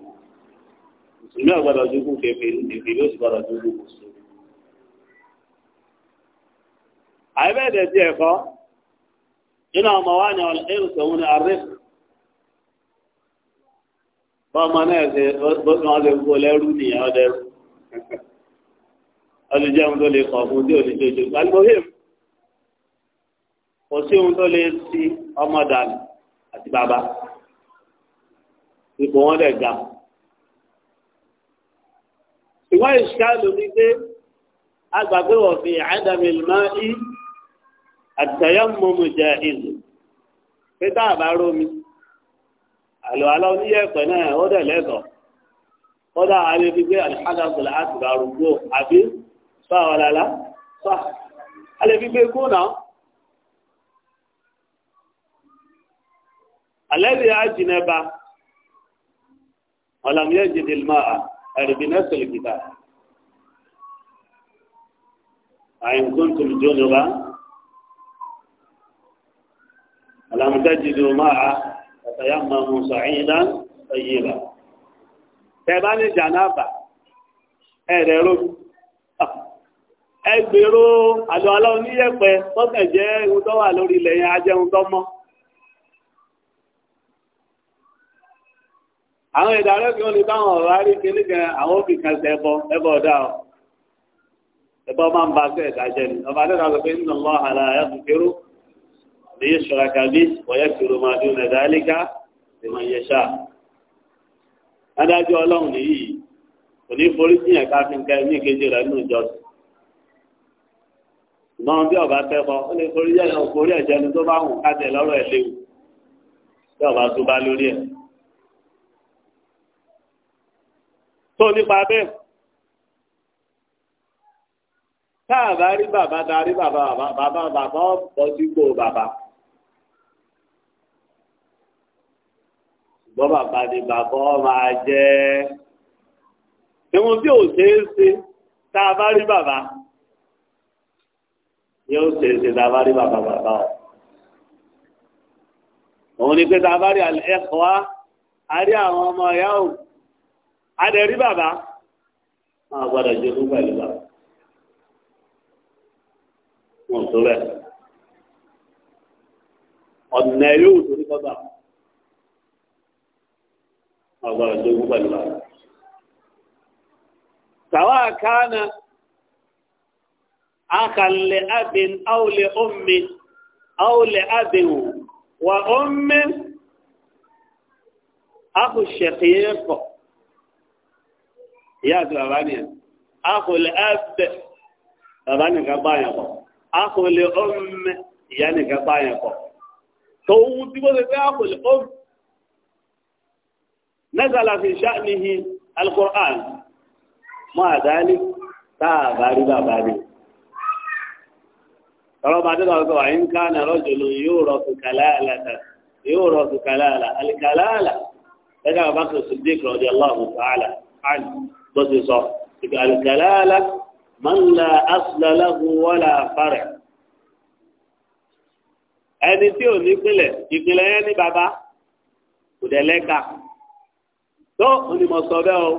mùsùlùmí ọ̀gbọ́dọ̀ dúkú kèfèrí kèfèrí ó sì gbọ́dọ̀ dúkú mùsùlùmí. àìbẹ́ẹ̀dẹ̀ tí ẹ̀kọ́ nínú ọmọ wa ni ọ̀lẹ́rùsọ̀ òun ni àríf bọ́ọ̀mọ náà ṣe bó ti wọ́n ṣe kó lẹ́rú nìyẹn ọ̀dẹ́rú ọdún jẹun tó lè kọ̀ fún tí ò ní ṣe ṣe pálíbóhìm kò sí ohun tó lè sí ọmọ dànù àti bàbá ipò wọn dẹ̀ ga ìwọ́n ìṣkáàlù wípé agbàgbé wọ̀fin àádàmì máì àtẹ̀yọ́mọ̀mù jẹ ìlú pété àbárò mi àlọ́ àlọ́ oníyẹ̀pẹ̀ náà ó dẹ̀ lẹ́tọ̀ọ́ kódà alẹ́ fi gbé alihadamu láti bá arúgbó àbí sọ àwọn lálá sọ alẹ́ fi alẹ́bí ajínẹba ọ̀làmìyẹ jìdìlmá ẹ̀rìbìnẹ́sìlì kìtà àyìnkún tó jónúbá ọ̀làmìyẹ jìdìlmá ẹ̀tàyà mọ̀mù sàáyìnà ẹ̀yìnbá tẹ̀bá ní jànáàbà ẹ̀rẹ̀ ró ẹgbèrò àlọ́ aláwọ̀ níyẹ̀pẹ̀ tọ́tẹ̀ jẹ́ ohun lórí yẹn àwọn ìdàrẹ́ fi wọ́n lè báwọn ọ̀rọ̀ arí kele kan àwọn òbí kan ṣe ẹbọ ẹbọ ọ̀dà ọ ẹbọ máa ń ba ṣe ìdájẹ́ ni ọba adé náà sọ pé nínú ọmọ àlà ayélujára ní ìṣọ̀ra kàbí wọ̀nyẹ́ kìló máa dún ẹ̀dá ẹ̀líkà ìmọ̀ ìyẹ̀ṣà adájọ́ ọlọ́run nìyí kò ní forí sí yẹn ká fi ń kẹ́ ní ìkejì rẹ̀ nínú ìjọsìn ṣùgbọ́n bí ọba tẹ́kọ̀ ó lè forí ẹ̀jẹ̀ ni tó bá wù ká lọ́rọ̀ ẹ̀ léwu bí ọba tó bá lórí ẹ̀. tó nípa bẹ́ẹ̀ táàbà rí bàbá ta rí bàbá bàbá bàbá ọ̀pọ̀ sípò bàbá. ṣùgbọ́n bàbá ni bàbá máa jẹ́ ìwọ̀n tí ò ṣeé ṣe tá a bá rí bàbá yóò ṣeé ṣe tá a bá rí bàbá bàbá o òun ni pé tá rí ẹ̀kọ́ á rí àwọn ọmọ ìyá òkú. adẹ̀rí bàbá máa gbọ́dọ̀ jogún pẹ̀lú bàbá wọn tó bẹ́ẹ̀ ọ̀nà yóò torí bàbá máa gbọ́dọ̀ jogún pẹ̀lú bàbá. سواء كان أخا لأب أو لأم أو لأب وأم أخو الشقيق ìyá àti bàbá nìyẹn ebe. ẹ̀bẹ̀ bàbá nìkan bá ome ya na ka ìyá nìkan bá yẹn pọ̀ tòun tí wọ́n ti fẹ́ akọlẹ̀ ọmọ fi ṣáàmìhì alukur'an mọ́ àdáálí táà bá rí bó ti sọ àlùkàlàlà man la asla lahu wala far'a ẹni tí ò ní ìpìlẹ̀ ìpìlẹ̀ yẹn ní bàbá kò dẹ̀ lẹ́ka tó onímọ̀sọ bẹ́ẹ̀ o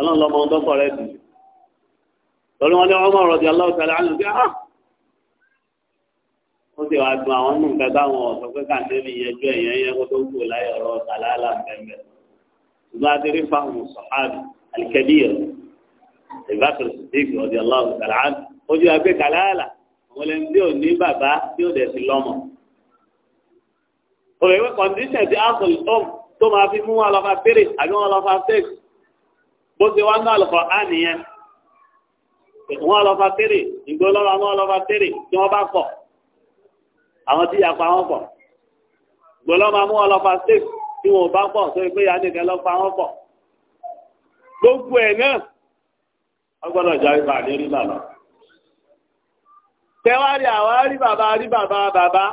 ọlọ́run lọ́mọ ọdún kọ̀ rẹ̀ dùn lórí wọn ní ọmọ ọ̀rọ̀ di aláwọ̀tàlá àlù bí ah ó sì wá gbọ́n àwọn nù táwọn ọ̀sọ́ pé kàńtẹ́lì yẹn ju ẹ̀yẹ́ yẹn kó tó kù láyé ọ̀rọ̀ tàlá àlà يبادر فهم الصحابي الكبير أبي بكر الصديق رضي الله تعالى عنه ojú abẹ́ kàlàálà àwọn ẹni tí ò ní bàbá tí ò dẹ̀ sí lọ́mọ. òwe wẹ́ kọ́ndíṣẹ̀ tí asọ̀lù tọ́m tó máa fi mú wọn lọ́fà péré àbí wọn lọ́fà sẹ́ẹ̀kì bó ṣe wá ń náà lọ́fà á nìyẹn. wọn lọ́fà péré ìgbó lọ́wọ́ wọn lọ́fà péré tí wọ́n bá kọ̀ àwọn tí yàpá wọn kọ̀. ìgbó lọ́wọ́ máa mú wọn lọ́fà sẹ́ẹ̀kì tí wọn bá pọ̀ sórí pé yanìkan lọ pa wọn pọ̀ gbogbo ẹ̀ náà wọ́n gbọ́dọ̀ jẹ́ ní rí bàbá tẹ́wárí àwọn rí bàbá rí bàbá bàbá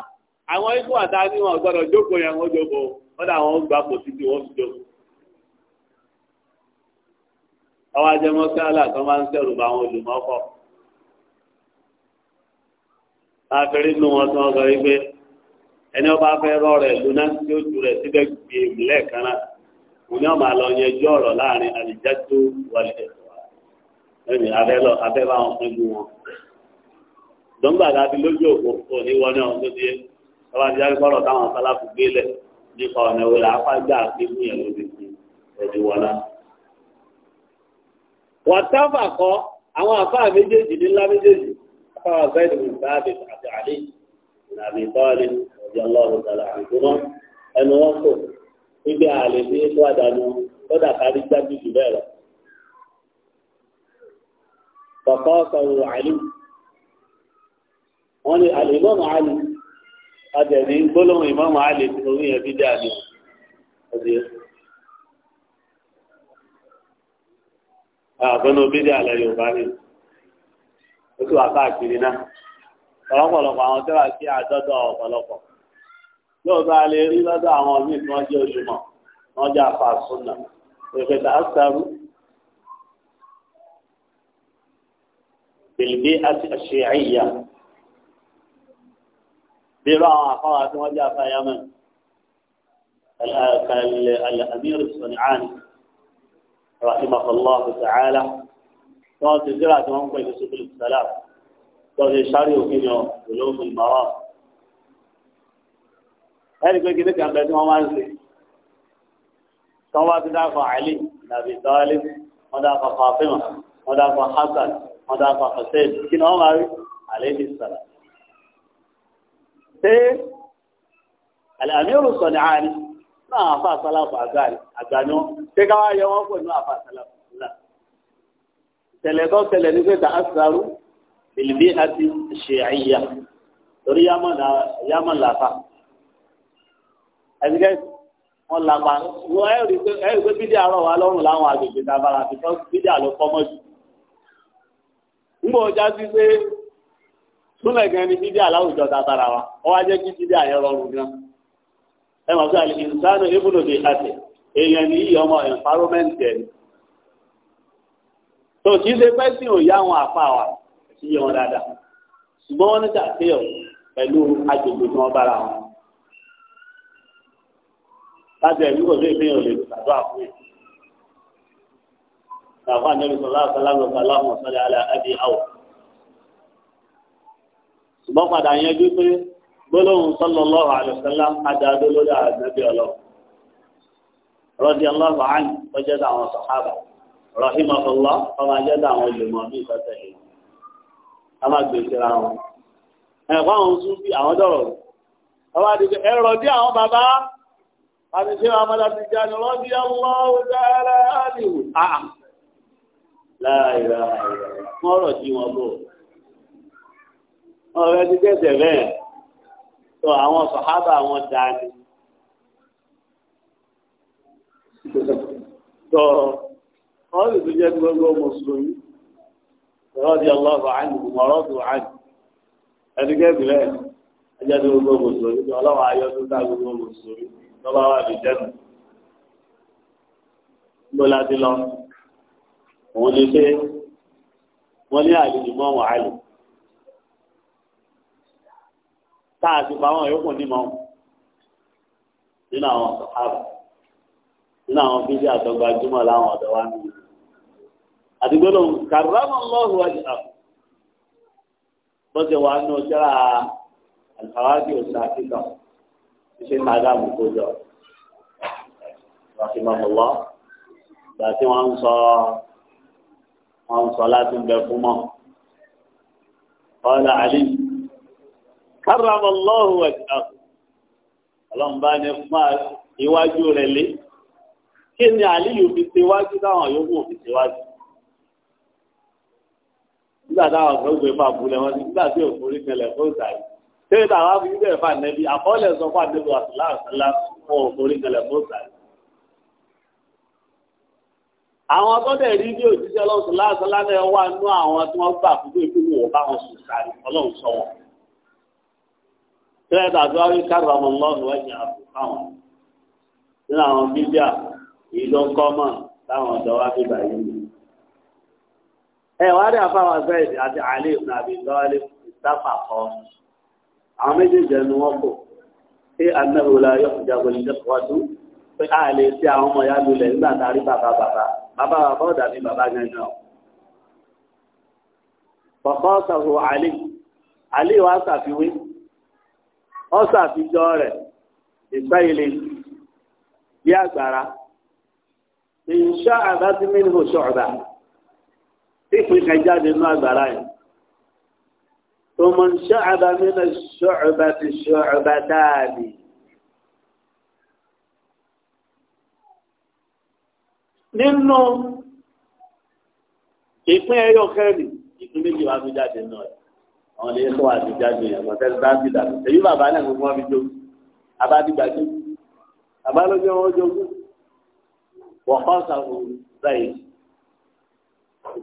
àwọn ikú àtà ní wọn gbọ́dọ̀ jókòó yẹn wọ́n jókòó wọ́n dà wọ́n gbà pò títí wọ́n fi jókòó ọwọ́ ajẹmọ́sálà tó máa ń sẹ́rù bá àwọn olùmọ́kọ̀ láti rí inú wọn tó wọ́n sọ wípé ẹni ọba fẹ́ rọ rẹ̀ lóná tí ó ju rẹ̀ síbẹ̀ gbé lẹ́ẹ̀kan náà mo ní ọmọ àlọ́ yẹjú ọ̀rọ̀ láàrin àlìjáde wàlẹ̀ ẹni abẹ́lọ abẹ́bá wọn fún gbogbo wọn. dọ́ńgbà dábí lójú òkú kò ní wọlé ọ̀hún tó tiẹ̀ ọba ti dárí bọ́lọ̀ táwọn sáláfù gbélé nípa ọ̀nà ìwòlá apájà gbígbó yẹn ló ti fi ẹ̀dí wọlá. wàtáfà kọ àwọn àfáà méjèèjì ní ńlá méjèèjì àfáà bẹ́ẹ̀ ni bá a bẹ̀ àti àlejò nàbí tọ́lì ọ̀dí ọlọ́run tààlà àìkúná ẹnu wọn kò níbi àlè sí ètò àdánù kódà kárí gbájú jù bẹ́ẹ̀ lọ. kọ̀kọ́ sọ̀rọ̀ àlù wọ́n ní àlè ìmọ̀mù àlù àjẹ̀dí gbólóhùn ìmọ̀mù àlè tí orí yẹn fi dé àlè àbọ̀nà òbí dé àlè yorùbá ni ó sì wà káàkiri náà. ọ̀pọ̀lọpọ̀ àwọn tó kí sí ọ̀pọ̀lọpọ̀ lóòótọ́ bá lè rí lọ́dọ̀ àwọn míì tí wọ́n jẹ́ olùmọ̀ wọ́n jẹ́ àfàsùnà ìfẹ̀tà àṣàrú bèlbé àti àṣẹ àìyá bí irú àwọn àfáwà tí wọ́n jẹ́ àfáyà mọ́ الأمير الصنعاني رحمه الله تعالى وأنت زرعت من قبل sọ́kùlù السلام tọ́sí sáré òfin ni olóògùn bàbá ẹni pé kíní kan bẹ tí wọ́n máa ń ṣe tọ́wọ́ ti dákọ̀ àìlè nàbì tọ́lé wọ́n dákọ̀ fàfẹ́mà wọ́n dákọ̀ hasan wọ́n dákọ̀ hussein kí ni wọ́n máa rí àlejò sàlà. ṣé àlàmírù sọ̀nì àní náà àfa àsálàfọ̀ àgbàní àgbàní wọn ṣé káwá yẹ wọn pẹ̀lú àfa àsálàfọ̀ ńlá. tẹ̀lẹ̀ tó tẹ̀lẹ̀ ní pé tà sàrú bìlìbí àti ṣèyíyà torí yámọ̀ làfà ẹ̀sìnkẹ́ wọn làpá wọn ẹ̀rí pé bídíà rọ̀ wá lọ́rùn láwọn àgbègbè tábàrà àtìkọ́ bídíà ló fọ́mọ́ jù ńgbọ́ ọjà sí pé súnmọ̀ gan ni bídíà láwùjọ tábàrà wa ọ wá jẹ́ kí bídíà yẹn rọrùn gan ẹ mọ̀ sí àlè ìsánú ìbùdó bíi àtẹ èèyàn ní ìyá ọmọ environment ẹ̀ tó kì í ṣe pẹ́sìn òyà àwọn àfa wa sí yẹ wọn dáadáa ṣùgbọ́n wọ́n ní sàkéyọ̀ pẹ̀lú agbègbè tí wọ́n bára wọn. láti ẹ̀mí kò sí ìpínyàn lè gbàdọ́ àpò ẹ̀. Nàfà níbi sọ̀rọ̀ àfẹ́láńgò sàlámù sọ̀rọ̀ alẹ́ ẹ̀dí àwọ̀. ṣùgbọ́n padà yẹn bí pé gbólóhùn sọ́lọ́ lọ́wọ́ àlùsálàm adáadó lórí àgbẹ̀bí ọlọ́ rọ́dí aláwọ̀ àyìn tó àwọn sàhábà ká má gbé síra wọn. ẹ̀kọ́ àwọn oṣù bí àwọn dọ̀rọ̀ ọba àdìgbẹ́ ẹ̀rọ dí àwọn bàbá àdìgbẹ́ amọ̀dá ti já ni wọ́n bí ọlọ́wọ́ dára àdìwò. láìra wọn rọ̀ jí wọn bọ̀ wọn rẹ ti tẹ̀sẹ̀ bẹ́ẹ̀ tó àwọn sọ̀hábà wọn dání. tọ́ ọ́ sì tún jẹ́ gbogbo mùsùlùmí rọ́ọ̀dì ọlọ́ọ̀bù àánú mọ̀rọ́ọ̀dù àánú ẹnikẹ́ni bẹ́ẹ̀ ẹjẹ́ ní gbogbo mùsùlùmí ní ọlọ́wọ́ ayọ́ tó dá gbogbo mùsùlùmí lọ́ba wà ní jẹ́nu. gbogbo láti lọ òun ni pé wọ́n ní àlejò mọ́ wọn àlè táà ti pa àwọn yòókù nímọ̀ nínú àwọn sọ̀hábà nínú àwọn fídíò àtọ́gbàjúmọ̀ láwọn ọ̀dọ́ wa nìyẹn àdìgbọ́dọ̀ kàrámà lọ́rùn wájú àpò bọ́sẹ̀ wà nù ọ̀sára àlùfáwájú ọ̀sà àfíkà ṣíṣe tàdá àmúkójọ rahimahullah ìgbà tí wọ́n ń sọ wọ́n ń sọ láti ń bẹ fún mọ́ ọ̀là àlì kàrámà lọ́rùn wájú àpò ọlọ́mbà ni fún iwájú rẹ̀ lé kí ni àlì yóò fi ṣe iwájú táwọn yòókù fi ṣe iwájú nígbà táwọn ọ̀sán gbé fà bulẹ̀ wọn nígbà tí òfurufú kẹlẹ̀ fún ìsàlẹ̀ tẹ́lẹ̀ táwọn afi bẹ́ẹ̀ fà nẹ́bí àkọọ́lẹ̀ sọ fún àdébò àtìlá àtìlá fún òfurufú kẹlẹ̀ fún ìsàlẹ̀. àwọn tó dẹ̀ rí bí òjíṣẹ́ ọlọ́sùn láàṣọlá náà wà nú àwọn tí wọ́n gbà fún pé kúrò wọ́n sùn sáré ọlọ́run sọ wọn. tẹ́lẹ̀ tàbí wọ́n rí kárọ̀mọ́ lọ́rùn ẹ̀yìn ẹ wá rí afáwọn abẹ́ẹ̀d àti àlè ìbùnà àbí ìlọ́ọ̀lẹ́ ìsáfà kọ́ àwọn méjèèjì ẹnu wọn kò pé anáhùlá yóò jago ní ìjọsíwájú pé a lè ṣe àwọn ọmọ ìyá lulẹ̀ nígbà tá a rí bàbá bàbá bàbá bàbá ọ̀dà ní bàbá gangan. Bọ̀kọ́ sọ̀rọ̀ àlè àlè wa ṣàfiwé ọ ṣàfijọ́ rẹ̀ ìgbà ilé bí àgbàrá ìṣá àbátí mímú ṣọ̀ọ̀dà ìpín kan jáde nínú àgbàrá yẹn tó mọ̀ ṣọ́ọ̀bà mìíràn ṣọ́ọ̀bà ti ṣọ́ọ̀bà dáàbì. nínú ìpín ẹyọ kẹrin ìpín méjì wà fi jáde náà ẹ àwọn ilé ẹ̀kọ́ àti jáde ẹ wọn tẹsí dáńtì dàbí èyí bàbá náà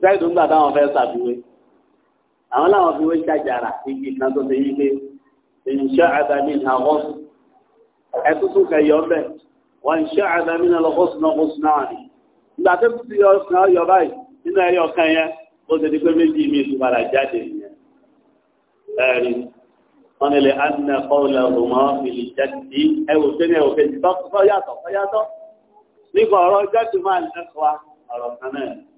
zaidu ń gbà táwọn fẹ́ sàfiwé àwọn làwọn fi wé jàjàrà igi kan tó ti yíké ìṣe àdàmì àwọn ẹtútù kẹyọ ń bẹ wọn ìṣe àdàmì náà lọkọsùn náà kọsùn náà ni ìgbà tó ti yọ ọsùn náà yọ báyìí nínú ẹyọ kan yẹn ó ti di pé méjì mi ti padà jáde yẹn ẹrí wọn ni lè anna kọlẹ ọmọ ìlú jáde ẹwò tẹni ẹwò kejì bá yàtọ̀ yàtọ̀ nípa ọ̀rọ̀ jáde máa ń ẹ̀kọ́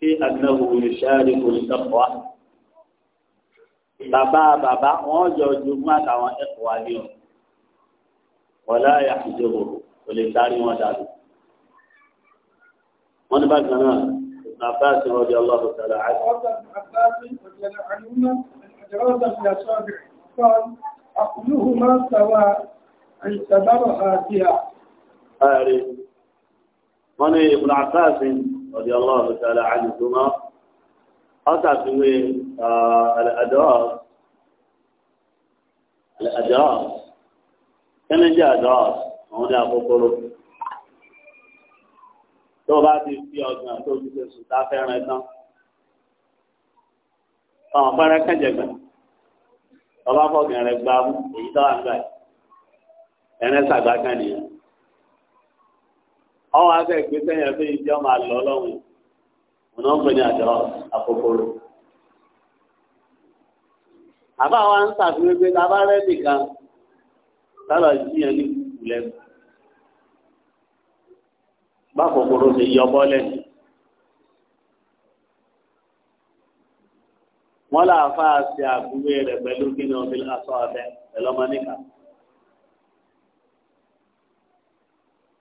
sí àdínáwó olùṣàárẹ̀ olùtọ́kọ̀wá. bàbá bàbá wọn jọ jogún àtàwọn ẹ̀kọ́ wa ní o wọlé àyà ìjọba kò lè sáré wọn dàbí. wọn ní bákan náà ابن عباس رضي الله تعالى عنه. ابن عباس رضي الله عنهما الجواز في اصابع قال عقلهما سواء ان سببها ọ̀dí ọlọ́run tààlà àdìsúmọ́ ọ́sàfíwé àdọ́ àdọ́ kẹ́lẹ́jì àdọ́ àwọn ní àkókòrò tó bá ti fi ọgbọ̀n tó ti fi sùn tá fẹ́ràn tán ọmọ pẹ́rẹ́ kẹ́jẹ̀gbẹ̀ ọba fọ́gbìn rẹ̀ gbámú èyí tó wà ń gbà ẹ̀rẹ́ sàgbà kan nìyẹn ọwọ́ afẹ́ gbé sẹ́yìn fún ìdí ọmọ àlọ́ ọlọ́run ọ̀nà ń pè ní àjọ àkókòrò. àbá wa ń sàfihàn pé ta bá rẹ́ nìkan sálọ jíyàn ní kùkù lẹ́nu. bá kòkòrò ṣe yọ bọ́ lẹ́nu. wọ́n láfa àti àbúwé rẹ̀ pẹ̀lú kí ni ọ̀bí aṣọ abẹ pẹ̀lú ọmọ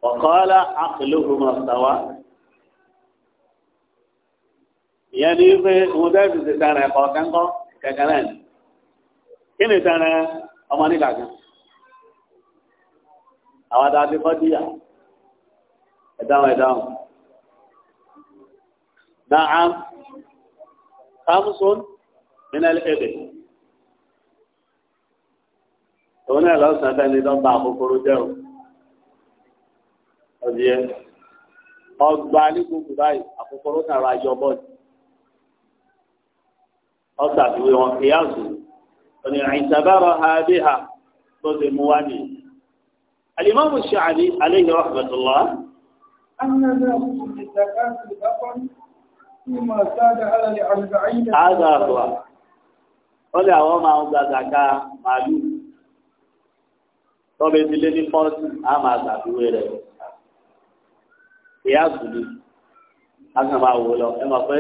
ọ̀kọ́ọ́lá àpèlógún ọ̀sàwá ìyẹn ní pé òun tẹ́sí ti tara ẹ̀kọ́ kẹ́ńkọ́ kẹ̀kẹ́rẹ́ ni kí ni tara ọmọ nígbà kan àwọn àti kọ́díyà ẹ̀dáhùn ẹ̀dáhùn náà samson minal ebe òun náà lọ́sàn-án tẹ́ni lọ́ba àkókò jẹun ọdíyẹ ọgbà nígbòkú báyìí àkókò ló tààrà àjọ bọ́ọ̀dù ọ̀sà àfiwé wọn kìyàsù ọ̀nà ìtàbárọ̀ ha bí ha ló ti mú wá nìyí. alimami Sha'bi aleyhi rahmatullah. Àgbà àgbà wọ́n lé àwọn máa ń gba zaka màálù tọ́bẹ̀ ti lé ní fọ́ọ̀tì á máa ṣàfiwé rẹ̀ ìyá àgùlù akàn máa wò lọ ẹ mọ̀ pé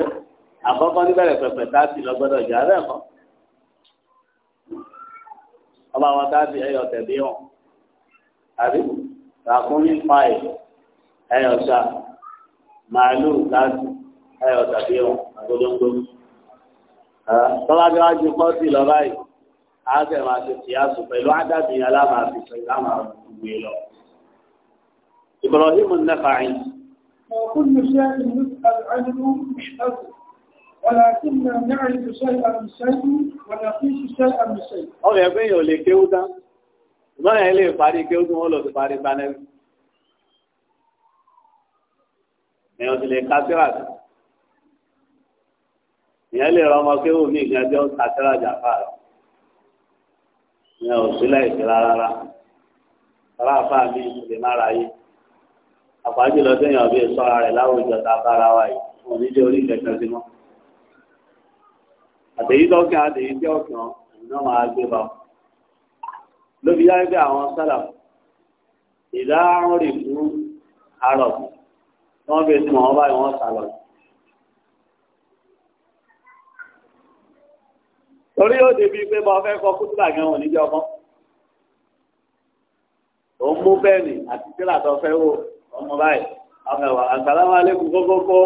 àkọ́kọ́ níbẹ̀rẹ̀ pẹ̀pẹ̀ táàtì lọ gbọ́dọ̀ jà bẹ́ẹ̀ kọ́ ọba wọn táàtì ẹyọ tẹ̀lé wọn àbí ràkúnmí fáì ẹyọ ṣá màálù táàtì ẹyọ tàbí wọn àgbọdọgbọ tọ́lá bí wàá ju pọ́ọ̀tì lọ báyìí àgbẹ̀ máa ti tì á sùn pẹ̀lú ádàbí alámàbí pẹ̀lú àmàlù gbé lọ. Ibrahim Nafa'i. وكل شيء يسأل عنه يسأل ولكننا نعرف شيئا من شيء ونقيس شيئا من شيء. ọ̀rọ̀ ẹgbẹ́ yìí ò lè kéwú tán ìmọ̀ràn ẹ lè parí kéwú tí wọ́n lọ sí parí panẹ́lì. èèyàn ti lè ka sírààtì èèyàn lè rọmọ kéwú ní ìgbàjọ́ ka sírààtì àfáàrọ̀ ìyẹn ò sílẹ̀ ìsìn rárá rárá àfáà mi lè má ra yìí àpájù lọ sẹ́yìn ọ̀bí sọ́ra rẹ̀ láwùjọ ta bára wa yìí wọn nílé orí ìkẹta sí mọ́. àtẹ̀yí tọ́kàn àtẹ̀yí tí ọ̀kàn náà máa gbé bá wọn. lóbi yá gbé àwọn sálà ìdá àrùn rì fún arọ wọn fi ti mọ wọn báyìí wọn sálọ. torí ó débi pé bá fẹ́ kọ kútùbà gan òní jọmọ́. òun mú bẹ́ẹ̀ ni àti tíra tó fẹ́ wò ọmọ báyìí afẹwà àsàlámù alékùn kọ́kọ́kọ́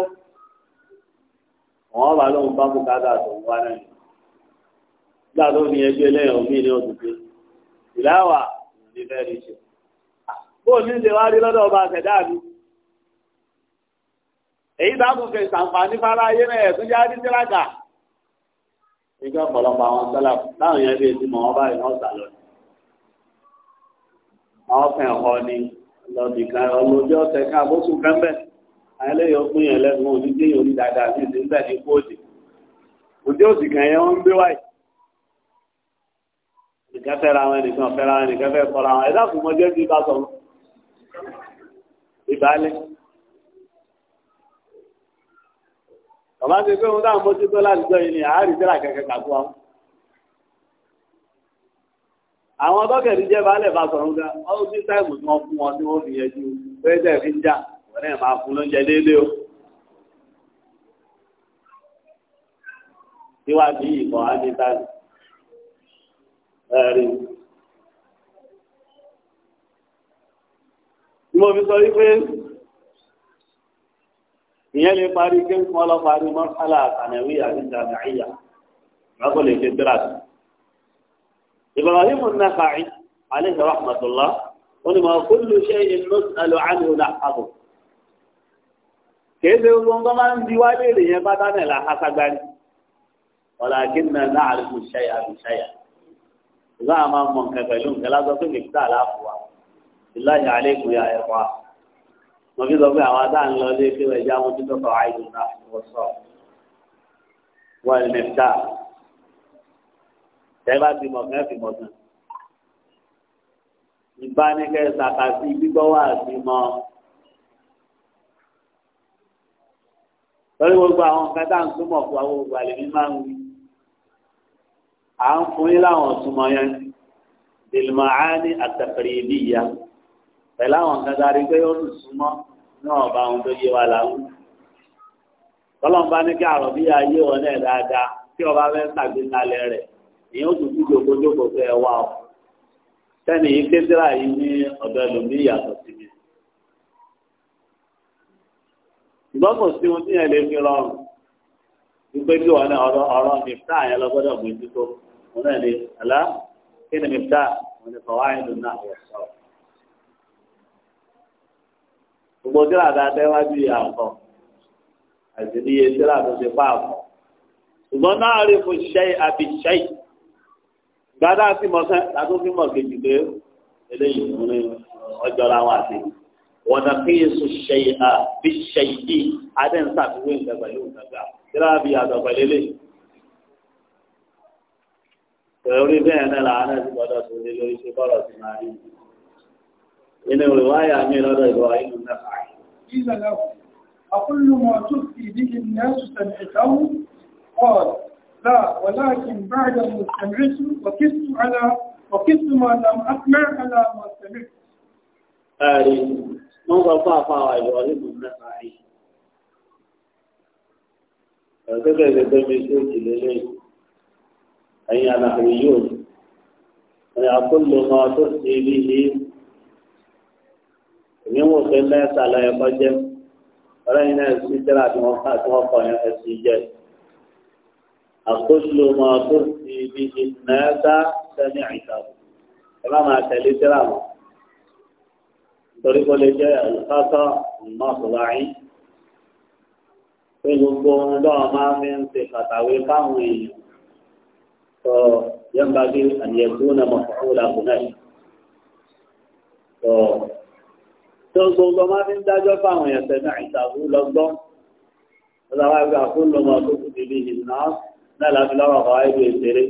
wọn bá lóun bá bùkátà tó ń wá náà nígbà tó ní ẹgbẹ́ lẹ́yìn omi ní ọdún pé ìláwà ní bẹ́ẹ̀ ní ṣe ah, bó ní ṣe wá rí lọ́dọ̀ ọba àṣẹdá mi èyí bá kò fẹ́ ṣàǹfààní fara ayé náà ẹ̀sùn já ní tíráàkà ìjọ ọ̀pọ̀lọpọ̀ àwọn sọ́là táwọn yẹn bí èsì mọ̀ wọ́n báyìí wọ́n sà lọ àwọn fẹ́ ọ̀họ́ ni lọ́dì kan ọlọ́jọ́ ọ̀sẹ̀ kan àbóṣù kan bẹ́ẹ̀ ayẹlẹ́yìn ọkùnrin yẹn lẹ́nu òní dé yìí orí dáadáa sí ìsìn bẹ́ẹ̀ ní kóòdì òjò òsì kan yẹn wọ́n ń gbé wáyé nìkan fẹ́ ra wọn nìkan fẹ́ ra wọn nìkan fẹ́ kọ́ ra wọn ẹ̀dá kò mọdé bí bá sọ ìbálẹ̀. bàbá ti pé òun táwọn mọ́tò tó láti gbọ́ yìí ni àárí tẹ́lá kẹ̀kẹ́ kàkú àwọn àwọn tọ́kẹ̀lì jẹ́ baálẹ̀ bá sọ̀rọ̀ ga ọdún tí táìmù tí wọ́n fún wọn tí wọ́n fi yẹ ju pẹ́ẹ́tẹ̀ fi ń jà wọ́n náà máa fún lóúnjẹ déédéé o. síwájú ìbọn ánítàlì ẹ̀rí. mo fi sọ wípé ìyẹn lè parí kéńkù ọlọ́parí mọ́sálà àtànẹ̀wé àti jàdáìyà lọ́kọ̀ lè ṣe tíráàtì. إبراهيم النخعي عليه رحمة الله ولما كل شيء نسأل عنه نحفظه كيف يقولون طبعا ديوالي لي بدانا لا حسبان ولكننا نعرف الشيء بشيء إذا من منكفلون كلا تصل إبتاع الأقوى بالله عليكم يا إخوان ما في ضبع وعدان لو ذي كذا جامو تتطعيد والمفتاح tẹ́lá ti mọ̀ fẹ́ fi mọ̀ tán. ìbánikẹ́ sàkàtì gbígbọ́ wà sí mọ́. lórí gbogbo àwọn nǹkan tá à ń túmọ̀ fún àwọn gbogbo àlèmí máa ń wí. à ń fún yín láwọn túmọ̀ yẹn bilmaani atakiribiya pẹ̀lú àwọn nǹkan tá a rí pé ó lù súnmọ́ náà bá ohun tó yé wa làwọn. tọ́lọ́mùbá ní kí àròbíyá yé wọn náà dáadáa kí ọba fẹ́ sàgbékalẹ̀ rẹ̀ ìyẹn ó tún kú jogojogo fẹ́ wá o sẹ́ni yìí kéńtìrà yìí ní ọ̀dọ̀ ẹlòmíì yàtọ̀ sí mi. ṣùgbọ́n kò sí ohun tí yẹn lè fi rọrùn wípé kí wọn ọ̀rọ̀ ọ̀rọ̀ mìfta yẹn lọ́gbọ́dọ̀ mú ojú tó wọn náà ní àlá kí ni mìfta wọn ni kọ̀wá yẹn ló náà wọ̀ sọ̀rọ̀. gbogbo tíra dáadáa wájú yà àti níye tíra tó ti pa àpọ̀ ṣùgbọ́n náà rí fún ṣẹ́yì àbí ṣẹ́yì gbadá sí mọ̀sán látó fi mọ̀ kejì pé eléyìí fún mi ọjọ́ ra wà sí wọ́dà kí yéṣu ṣe à bí ṣe yìí adé ń sàfiwé nǹkan pẹ̀lú nǹkan gbà kíra bí àtọ̀ pẹ̀lẹ́lẹ̀ orí bẹ́ẹ̀ náà làánà ti gbọ́dọ̀ tó lé lórí ṣe bọ́rọ̀ sí máa rí inú ìwáyà mi lọ́dọ̀ ìwà inú náà. قيل له أكل ما تبكي به الناس سمعته قال لا ولكن بعده سمعت وقست على وقست ما لم أسمع على ما سمعت آري موضع فافا إبراهيم هذا فذكر لدم الشوك لليه أي نحويون أي كل ما تحصي به يوم خلال سالة يقجم ولكن السجرات موقعات موقعات السجرات أقول ما ترضي به الناس سمعته إمام أتلي سلام طريق لجاء الخطأ المخضعي pé gbogbo ohun lọ́wọ́ máa fi ń ṣe pàtàwé fáwọn èèyàn tó yọmba bí àyẹ̀kú náà mọ̀ fún òlàbùn náà tó tó gbogbo máa fi ń dájọ́ fáwọn èèyàn tẹ̀lé àìsàwù lọ́gbọ́n ọ̀làwọ̀ àgbà fún lọ́mọ tó kù níbi ìnáwó náà láti lọ́rọ̀ ọ̀rọ̀ ayélujára ìṣeré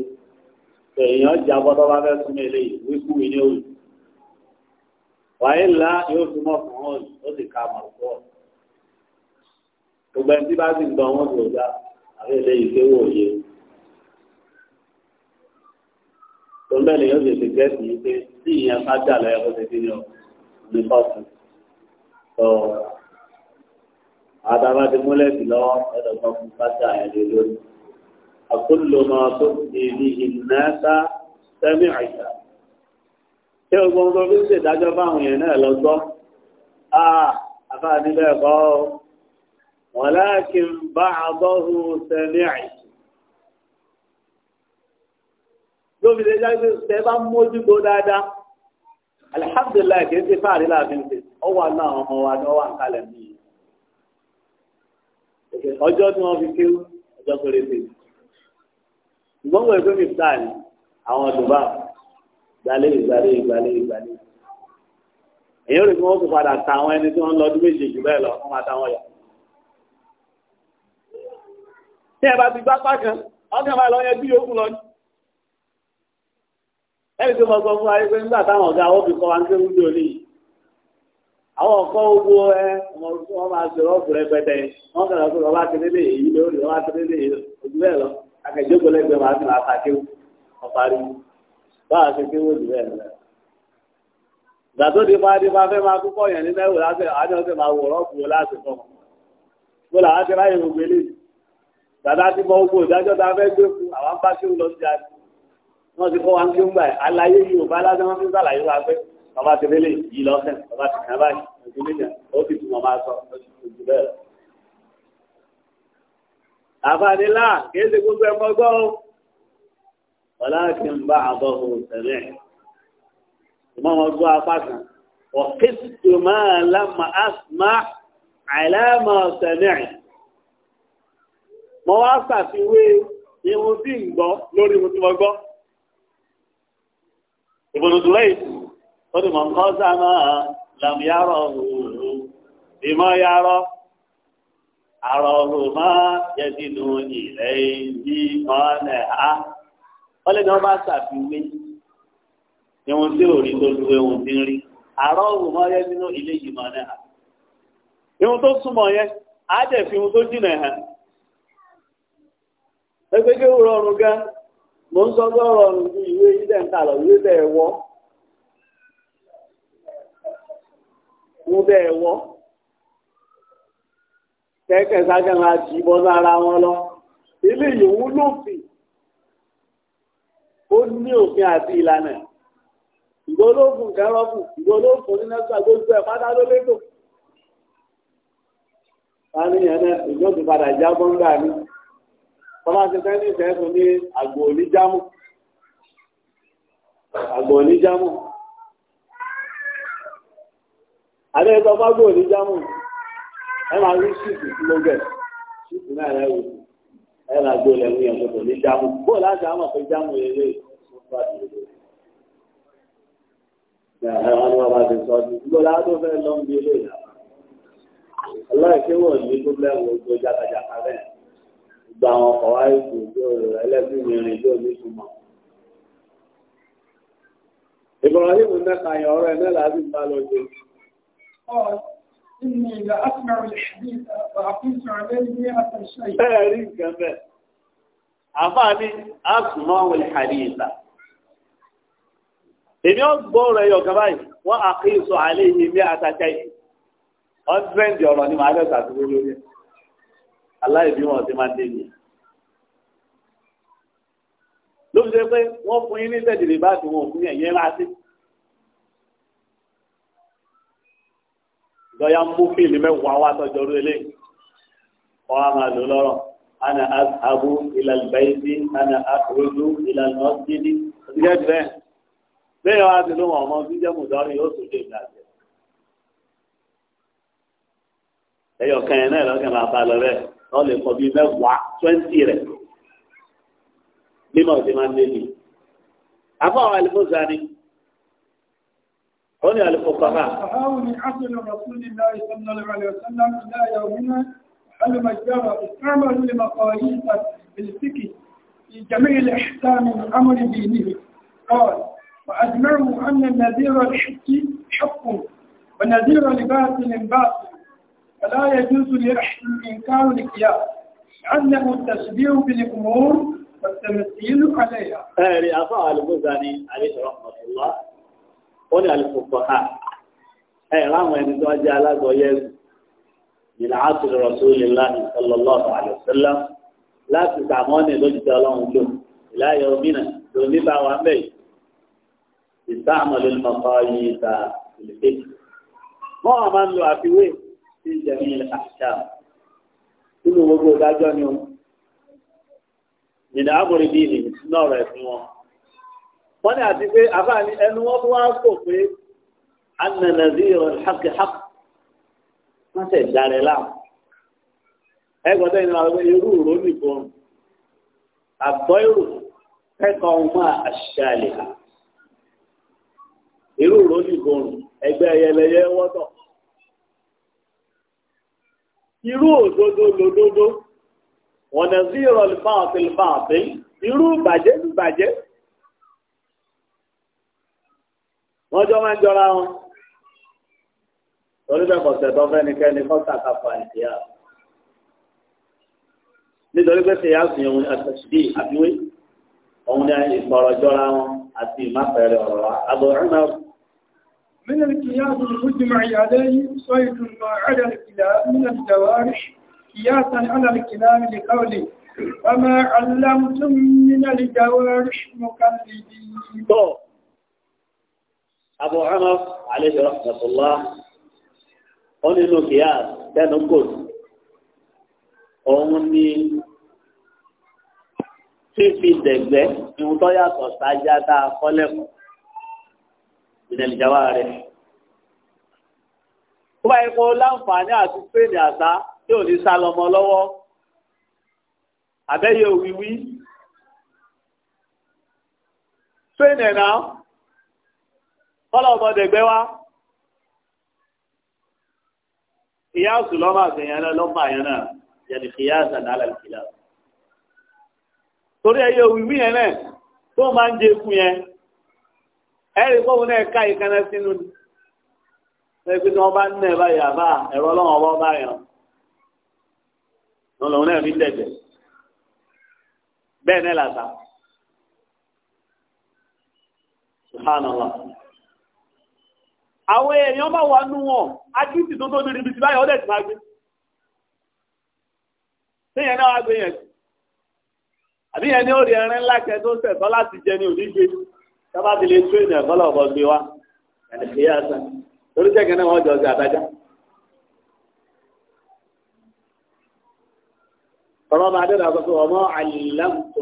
èèyàn jà bọ́tọ́ bá fẹ́ súnmọ́ eléyìí wíkú mi ní òòlù wàyí ńlá yóò súnmọ́ fún òòlù ó sì ka àmọ̀ fún ọ gbogbo ẹni tí bá sì ń gbọ́ wọn tó dá àbí eléyìí pé wò yé tó ń bẹ́ẹ̀ lè yóò gẹ́sì yìí pé tí ìyẹn bá jà lọ́yẹ kó tètè ní ọ ní kọ́ọ̀tù tó àtàbàdì múlẹ̀ sí lọ́wọ́ ẹ̀dọ̀gbọ́n fún bá jà ẹ̀ àkúlò máa tó èdè ìnáta sẹ́mi àìsà. Ṣé o gbọ́n tó fi ń ṣèdájọ́ báwọn yẹn náà lọ gbọ́? A àbá níbẹ̀ kọ́ ọ. Wọ́n láàkì ń bá àbọ̀hùn sẹ́mi àìsà. Lóbi lè jáde ṣe bá mójúgbó dáadáa. Alihamdulilayi Ọjọ́ tí wọ́n fi kéwú, ọjọ́ péré tèmi ṣùgbọ́n wọ́n ẹgbẹ́ mi ta ni àwọn dùbà gbalẹ̀ gbalẹ̀ gbalẹ̀ gbalẹ̀ èyí ò lè fi wọ́n kó padà ta àwọn ẹni tí wọ́n lọ ọdún méje jù bẹ́ẹ̀ lọ wọ́n máa ta wọn yọ. tí ẹ bá ti gbá pákan ọkàn máa lọ yẹn bí yòókù lọ ẹni tó mọ sọ fún wa pé nígbà táwọn ọ̀gá wọn fi kọ́ wa ń ké wúdò ní àwọn ọkọ owó ẹ wọn máa ṣe rọ́ọ̀bù rẹpẹtẹ wọn kàn lọ sí ọba tẹlẹ lè lórí ọba tẹlẹ lè ojú bẹ́ẹ̀ lọ akẹjọgbọ lẹgbẹ máa tún àkàkéwò ọparí báwa ṣe kéwò jù bẹ́ẹ̀ lọ ìgbà tó di máa di máa fẹ́ máa kúkọ yẹn nínú ẹwò láti àjọ ṣe máa wọ ọkùn wọn láti fọ mo là á ti ráyè gbogbo eléyìí dàdá ti mọ gbogbo ìdájọ́ tá a fẹ́ gbé fún àwọn bá kéwò lọ sí àti wọn ti kọ́ wa ń kéwò gbà yìí alayé yìí ò bá lásán wọn fi sàlàyé wa pé bàbá ti lélẹ̀ yìí lọ́sẹ̀ bàbá ti báyìí òkú àfàdílà kìí ṣe gbogbo ẹ̀mọ́ gbọ́ o ọ̀la kì ń bá àbọ̀ hù tẹ̀lé ìmọ̀ wọn gbọ́ apá kan ọ̀kìtù máa lámà àsìmá àìlámà tẹ̀lé mọ wá ṣàfiwé irun tí ń gbọ́ lórí irun tí wọ́n gbọ́ ìbùnú dùlẹ́yìn ó ní mọ̀ nǹkan sáà náà làmúyárọ̀ ìmọ̀ yárọ̀. àrọ̀rùmá yẹ́dínú ilẹ̀ ìdí mọ́lẹ̀ ha wọ́n lè ní wọ́n bá ṣàfiwé ìwọ̀n tí ò rí tó lu ewu tí ń rí àrọ̀rùmá yẹ́dínú ilé yìí mọ́lẹ̀ á. ìwọ̀n tó súnmọ́ yẹn á fi tó jìnà hàn. wo rọrùn gan mo ń sọ pé rọrùn ju ìwé ń ta lọ ìwé bẹ́ẹ̀ wọ́. ìwé bẹ́ẹ̀ kẹ́kẹ́ sákẹ́ máa jì bọ́ lára wọn lọ ilé ìyòwú lófin ó ní òfin àti ìlànà ìgbólófin kẹrọ́fù ìgbólófin onínẹ́sà gbogbo ẹ̀ pátá ló lẹ́tọ̀ọ́ láníyàn náà ìjọ ti padà já gbọ́ngbà ní tọ́lá ti fẹ́ ní ìfẹ́sùn ní àgbò oníjámù àgbò oníjámù adé sọ fágbò oníjámù ẹ máa rí ṣíìpù sí lọ́gẹ̀ ṣíìpù náà rẹ̀ wò ẹ máa gbé ilẹ̀ wíyàn tó tẹ̀lé jámù bó láti àwọn àpẹ jámù eré tó bá ti lè lè ẹ wọn ni wọn bá ti sọ ọdún gbogbo láti tó fẹ́ lọ ń bí ilé ìyá ọlọ́ọ̀kẹ́ wọ̀ ní gbogbo ẹ̀wọ̀n gbogbo bẹ́ẹ̀ gba àwọn ọkọ̀ wáyé kù tó ẹlẹ́sìn mìíràn tó ní túmọ̀. ìbọ̀rọ̀ yìí mú mẹ́ta yẹn ọ̀rọ̀ ẹ̀ إني لأسمع الحديث وأقيس عليه مئة شيء. تاريخ كمان. àfáàní asùnmọ́wò ìhàdìsà èmi ó gbọ́ọ̀rọ̀ ẹyọ kan báyìí wọ́n àkíyèsọ àlẹ́ yìí ní àtàkà yìí ọ́ndrẹ́ǹdì ọ̀rọ̀ ni màá lẹ́sà tó lórí ẹ̀ aláìbí wọn ti máa ń dènìyàn ló fi ṣe pé wọ́n fún yín ní tẹ̀dìrì bá ti wọn òfin ẹ̀yẹ́ láti lọ́yà ń mú fíìlì mẹ́wàá wá tọ́jọ́ orí ilé ọ̀hà máa lò lọ́rọ̀ ana abu ilalbaidi ana akurudu ilalmasidi ọdíjẹ́ jù bẹ́ẹ̀ bẹ́ẹ̀ wá sí lóhùn ọmọ tí jẹ́ mùsọ́rí yóò sùn dé ìdájẹ́ ẹyọ kan náà lọ́kàn máa bá lọ bẹ́ẹ̀ lọ́ọ́ lè kọ bíi mẹ́wàá twenty rẹ̀ mímọ̀ ti máa ń lé ní. afọ àwọn ni. هنا الفقهاء الفقهاء من عصر رسول الله صلى الله عليه وسلم إلى يومنا حل ما جرى استعملوا لمقاييس الفقه في جميع الأحكام من أمر دينه قال وأجمعوا أن النذير الحق حق ونذير لباطل باطل فلا يجوز لأحد إنكار لقياس لأنه التشبيه بالأمور والتمثيل عليها. أهل أخاه الغزالي عليه رحمة ní alùpùpù ha ẹ ráwọn ẹni tó wájú alágbọ̀ọ́yẹ ìlà àtúrò rọ̀sùlélá sallallahu alaihi wasallam láti sàmọ́nì lójútì ọlọ́run lò ìlà ayọ̀ mìíràn tó níta wà mẹ́ ìsáàmù lórí mọ̀kọ́ yìí ta ìlùkè. wọ́n á máa ń lo àfiwé sí ìjẹ̀mí àṣà nínú gbogbo ìdájọ́ ni ó. ìdá àbòrí bíi nìyí sínú ọ̀rọ̀ ẹ̀sìn wọn wọ́n ní àti pé àbá ni ẹnu wọn tó wá kò pé anànàzí ìrọ̀lẹ́ hàkì hàkì wọ́n tẹ̀ dára láàmú ẹgbọ́dọ̀ ìnira àwọn irú ìró nìbọn àgbọ̀ ìrò kẹ́kọ̀ọ́ máa àṣàlẹ̀ ha irú ìró nìbọn ẹgbẹ́ ẹyẹlẹyẹ wọ́tọ̀ irú òdodo lòdodo wọ̀nà sí ìrọ̀lẹ́ báàpẹ̀ irú bàjẹ́ bàjẹ́. wọ́n jọ máa ń jọra wọn torí bẹ́ẹ̀ kọ̀ọ̀sẹ̀ tó fẹ́nikẹ́ni kọ́sà kápá ìdíyà nítorí pé ṣèyá fi ohun àtẹ̀sídì àfiwé ohun ní ìfọ̀rọ̀ jọra wọn àti ìmáfẹ̀rẹ̀ ọ̀rọ̀ àbọ̀rẹ́mà. من القياس المجمع عليه صيد ما على الكلام من الجوارح قياسا على الكلام لقوله وما علمتم من الجوارح مكلدين. Abu Umar alayhi rahmatullah wọn nínú kìíyà tẹnu kòtù òun ni fífi dẹ̀gbẹ́ ìhun tó yàtọ̀ sájá tá a kọ́ lẹ́kọ̀ọ́ ìdẹ̀lìjáwá rẹ̀. Ó bá ipò láǹfààní àti fèèdè àṣà tí ò ní sá lọmọ lọ́wọ́. Àbẹ́yẹ òwìwí. Fèèdè náà kọ́lọ̀ ọmọdẹ̀gbẹ́ wá ìyá òsù lọ́mà àgbẹ̀yàn náà lọ́mà àyàn náà yẹ̀lì kìyà àsàdálà ìkìlá torí ẹyẹ òwìwí yẹn náà tó máa ń jẹ fún yẹn ẹ̀rì fóun náà ká ìkànnà sínú ni ẹgbẹ́ tí wọ́n bá ń náà báyìí ẹ̀rọ ọlọ́run ọba ọba yẹn lọ́nà òun náà fi ń bẹ́ẹ̀ náà làtà subhanallah àwọn èèyàn máa wà nú wọn akíntì tó tó ní ibi tí báyìí ọdẹ ti máa gbé tíyẹn náà wá gbé yẹn àbí yẹn ní òrì ẹrin ńlá kẹ tó sẹ̀tọ́ láti jẹ ní òdíje sábà ti lè tó ìnà ẹ̀kọ́ lọ́bọ̀ gbé wa ẹni kìí àṣà torí jẹ́gẹ̀ náà wọ́n jọ sí àdájá. ọ̀rọ̀ máa dẹ́rẹ́ àkọ́kọ́ ọmọ àlìlámùtò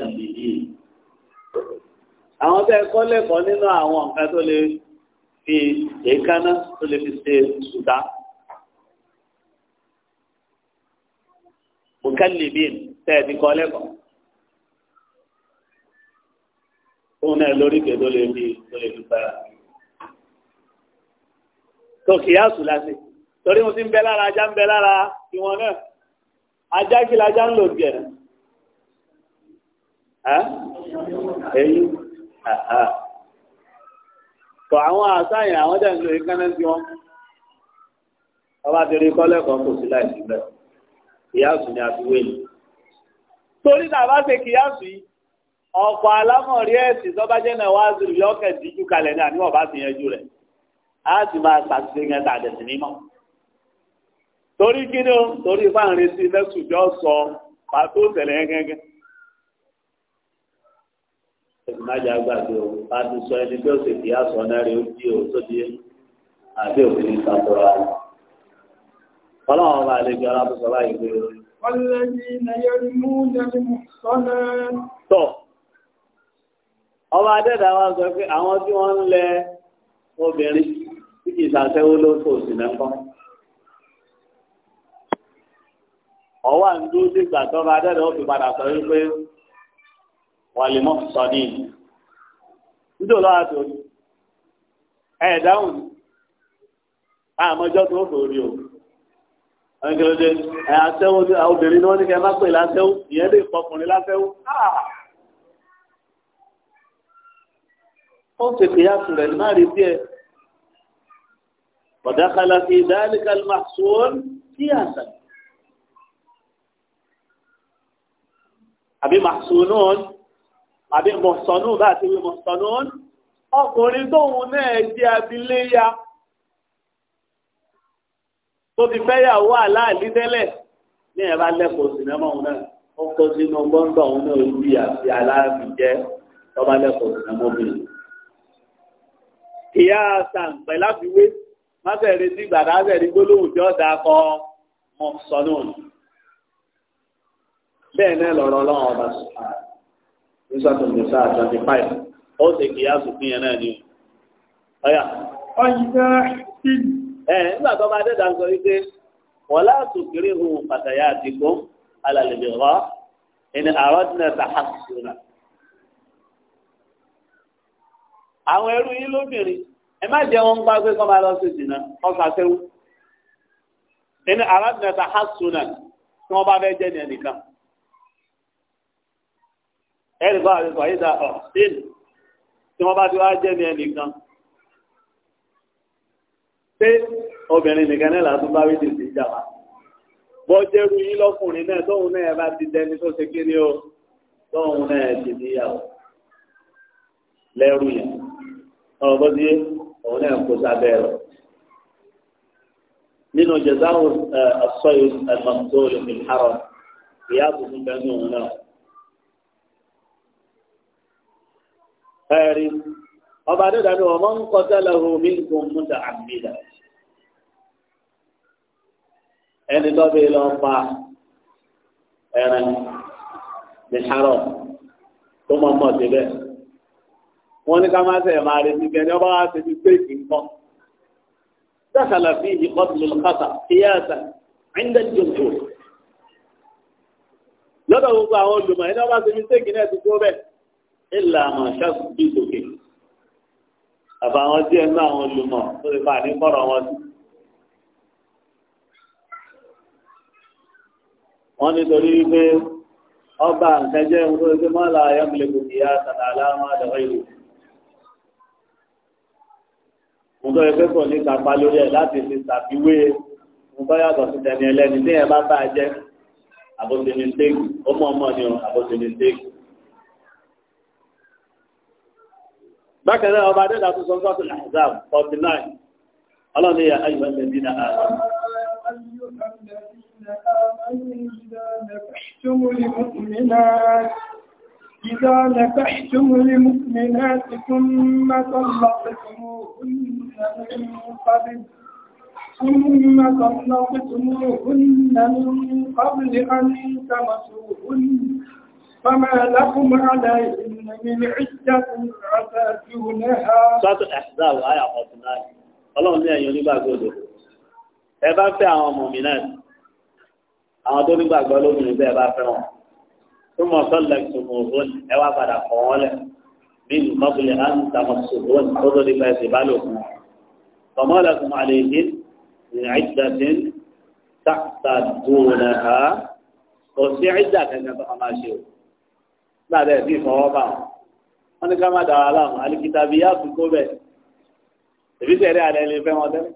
mí àwọn bẹ́ẹ̀ kọ́ lẹ́kọ̀ọ́ nínú àwọn nǹkan tó lè fi èékánná tó lè fi ṣe ṣùdá. mùkálìbíìn tẹ́ ẹ̀ ti kọ́ lẹ́kọ̀ọ́. òun náà lórí ìgbé tó lè fi tó lè fi bára. tó kìyàsù láti torí mo ti ń bẹ lára ajá ń bẹ lára ìwọ̀n náà ajá kí lajá ń lò jẹ. ẹ̀yin tọ àwọn àṣàyàn àwọn jẹ́ ìlú ìkánná sí wọn ọba ti rí kọ́lẹ́kọ̀ọ́ kò sí láìsí bẹ́ẹ̀ kìyàsù ni a fi wé ni torí náà bá ṣe kìyàsù yìí ọ̀pọ̀ alámọ̀rí ẹ̀sìn tọ́ba jẹ́ náà wáá zùrù yọ̀ọ́kẹ̀ díjú kalẹ̀ ní àníwọ̀n bá ti yanjú rẹ̀ á sì máa ṣàṣìṣe yẹn tà àdẹ̀sì nímọ̀ torí kí ni o torí fáwọn retí lẹ́sùn jọ sọ pàtó ìṣẹ̀lẹ̀ yẹn gẹ́gẹ́ ìmájà gbàgbé o bá ti sọ ẹni bí ó sì fi àsọ náà rí ojú o tó di àbí òfin ìtàkùrọ̀ àwọn. ọlọ́run ọba àlejò alábùsọ láyé gbé o. ọlọ́run ẹni mú jẹ́ni mú sọ́nà. tọ́ ọba adẹ́dàá wa sọ pé àwọn tí wọ́n ń lẹ obìnrin tí kì í sàṣẹ́wó ló wàlímọ́ sọ́ni nítorí lọ́wọ́ àti orí ẹ̀ dáhùn àmọ́jọ́ tó fò rí o ẹ̀kẹ́lẹ́dẹ́ ẹ̀ àṣẹ́wó obìnrin ni wọ́n ní kẹ́ má pè láṣẹ́wó ìyẹn lè pọkùnrin láṣẹ́wó ah! ó ti pè yàtù rẹ̀ ní má rí bí ẹ ọ̀dákalà fi dhalika al-mahsur sí àṣà àbí mahsur náà àbí mọ̀sánú bá ti wí mọ̀sánú ọkùnrin tóun náà jẹ́ abiléyà tó ti fẹ́yàwó aláàlí tẹ́lẹ̀ ní ẹ̀bá lẹ́kọ̀ọ́ sinimá òun náà ó kó sínú gbọ́ndọ̀ òun náà ó bí àti aláàbí jẹ́ tọ́ba lẹ́kọ̀ọ́ sinimá obìnrin. ìyá sàǹpẹ̀ láti wé má bẹ̀rẹ̀ sí gbàdá bẹ̀rẹ̀ gbólóhùn tí ó dáa kọ́ mọ̀sánú bẹ́ẹ̀ náà lọ̀rọ̀ ọlọ́run ọba sùn nísàtò nìsà twenty five ó sì kì í àsùn fún yẹn náà ni ọ̀yà. ọ̀yà sí. ẹ nígbà tó bá dẹ́dà sọ wípé wọ́n láti kiri hu pàtàyà àdìgún alàlejò rọ ẹni àrọ́dínà tàhásùnà. àwọn ẹrú yín lóbìnrin ẹ má jẹ́ wọn ń gbàgbé kọ́ máa lọ sí ìdìnnà ọ̀sàṣẹ́wó ẹni àrọ́dínà tàhásùnà tí wọ́n bá fẹ́ jẹ́ ní ẹnìkan ẹ̀rì bá àrẹ̀kọ̀ àyíká ọ̀sìn tí wọ́n bá ti wá jẹ́ ní ẹnìkan pé obìnrin nìkan náà látún bá wíjì sí ìjàmà bọ́ jẹ́rú yín lọ́kùnrin náà tóun náà bá ti dẹni tó ṣe kí ni ó tóun náà ti níyàwó lẹ́rù yẹn ọ̀rọ̀ sí òun náà kó sábẹ́ rẹ̀ nínú jẹ̀sáwò ọ̀sọ́ ìmọ̀tò ìmìlárọ̀ ìyá tuntun bẹ́ẹ̀ ní òun náà. ẹ̀rí ọba dídá ni ọmọ ń kọjá lọ́hùn mí nǹkan múta àmìlà ẹni tó bí lọ pa ẹran ní sárọ̀ tó mọ̀ mọ̀ síbẹ̀ wọ́n ní ká má sẹ̀ máa retí kẹ́ni ọba wa ti pé kì í kọ́ dákàlà fi ìkọ́tùlù kàtà kíyàtà ẹ̀ńdẹ̀ jòjò lọ́dọ̀ gbogbo àwọn olùmọ̀ ẹni ọba ṣe ti pé kì í náà ìlà àwọn ṣáàkù bí gòkè àbá àwọn díẹ̀ ní àwọn olùmọ̀ tó lè máa ní kọ́rọ̀ wọn sí. wọ́n nítorí wípé ọba nǹkan jẹ́ ohun tó lè fi mọ́lá ayọ́mìlẹ̀ kò kìí àtàlà aláwọ̀ àdàwọ̀ ìlú. mo tọ́ ẹgbẹ́ pọ̀ ní kápá lórí ẹ̀ láti fi ṣàfiwé mo bá yàtọ̀ sí tẹni ẹlẹ́ni tí ẹ bá bá jẹ́ àbòsí ní stéèkì ó mọ̀ ọmọ ni ó àbòsí ní stéèkì. ما كان بعد لا الأحزاب قال الله الله يا أيها الذين آمنوا إذا نكحتم لمؤمنات إذا ثم طلقتموهن من قبل ثم طلقتموهن من قبل أن تمسوهن فما لكم عليهن من عدة عتاتونها سورة الأحزاب آية 49 Ọlọ́run ní ẹ̀yin onígbàgbọ́dọ̀ ẹ bá fẹ́ àwọn ọmọ mi náà àwọn tó nígbàgbọ́ lóbìnrin bẹ́ẹ̀ bá fẹ́ wọn tó mọ̀ sọ́lẹ̀ tòmọ̀ọ́n ẹ wá padà kọ̀ wọ́n lẹ̀ bí mọ́bìlẹ̀ á ń tàmọ̀ tó tó nípa ẹ̀sìn bá lò láàrẹ̀ bí ìfọwọ́bà wọn ní ká má dára láàmú alìkìtàbí yáàtú kó bẹ̀ èbí tẹ̀lé alẹ́ lè fẹ́ wọn tẹ́lẹ̀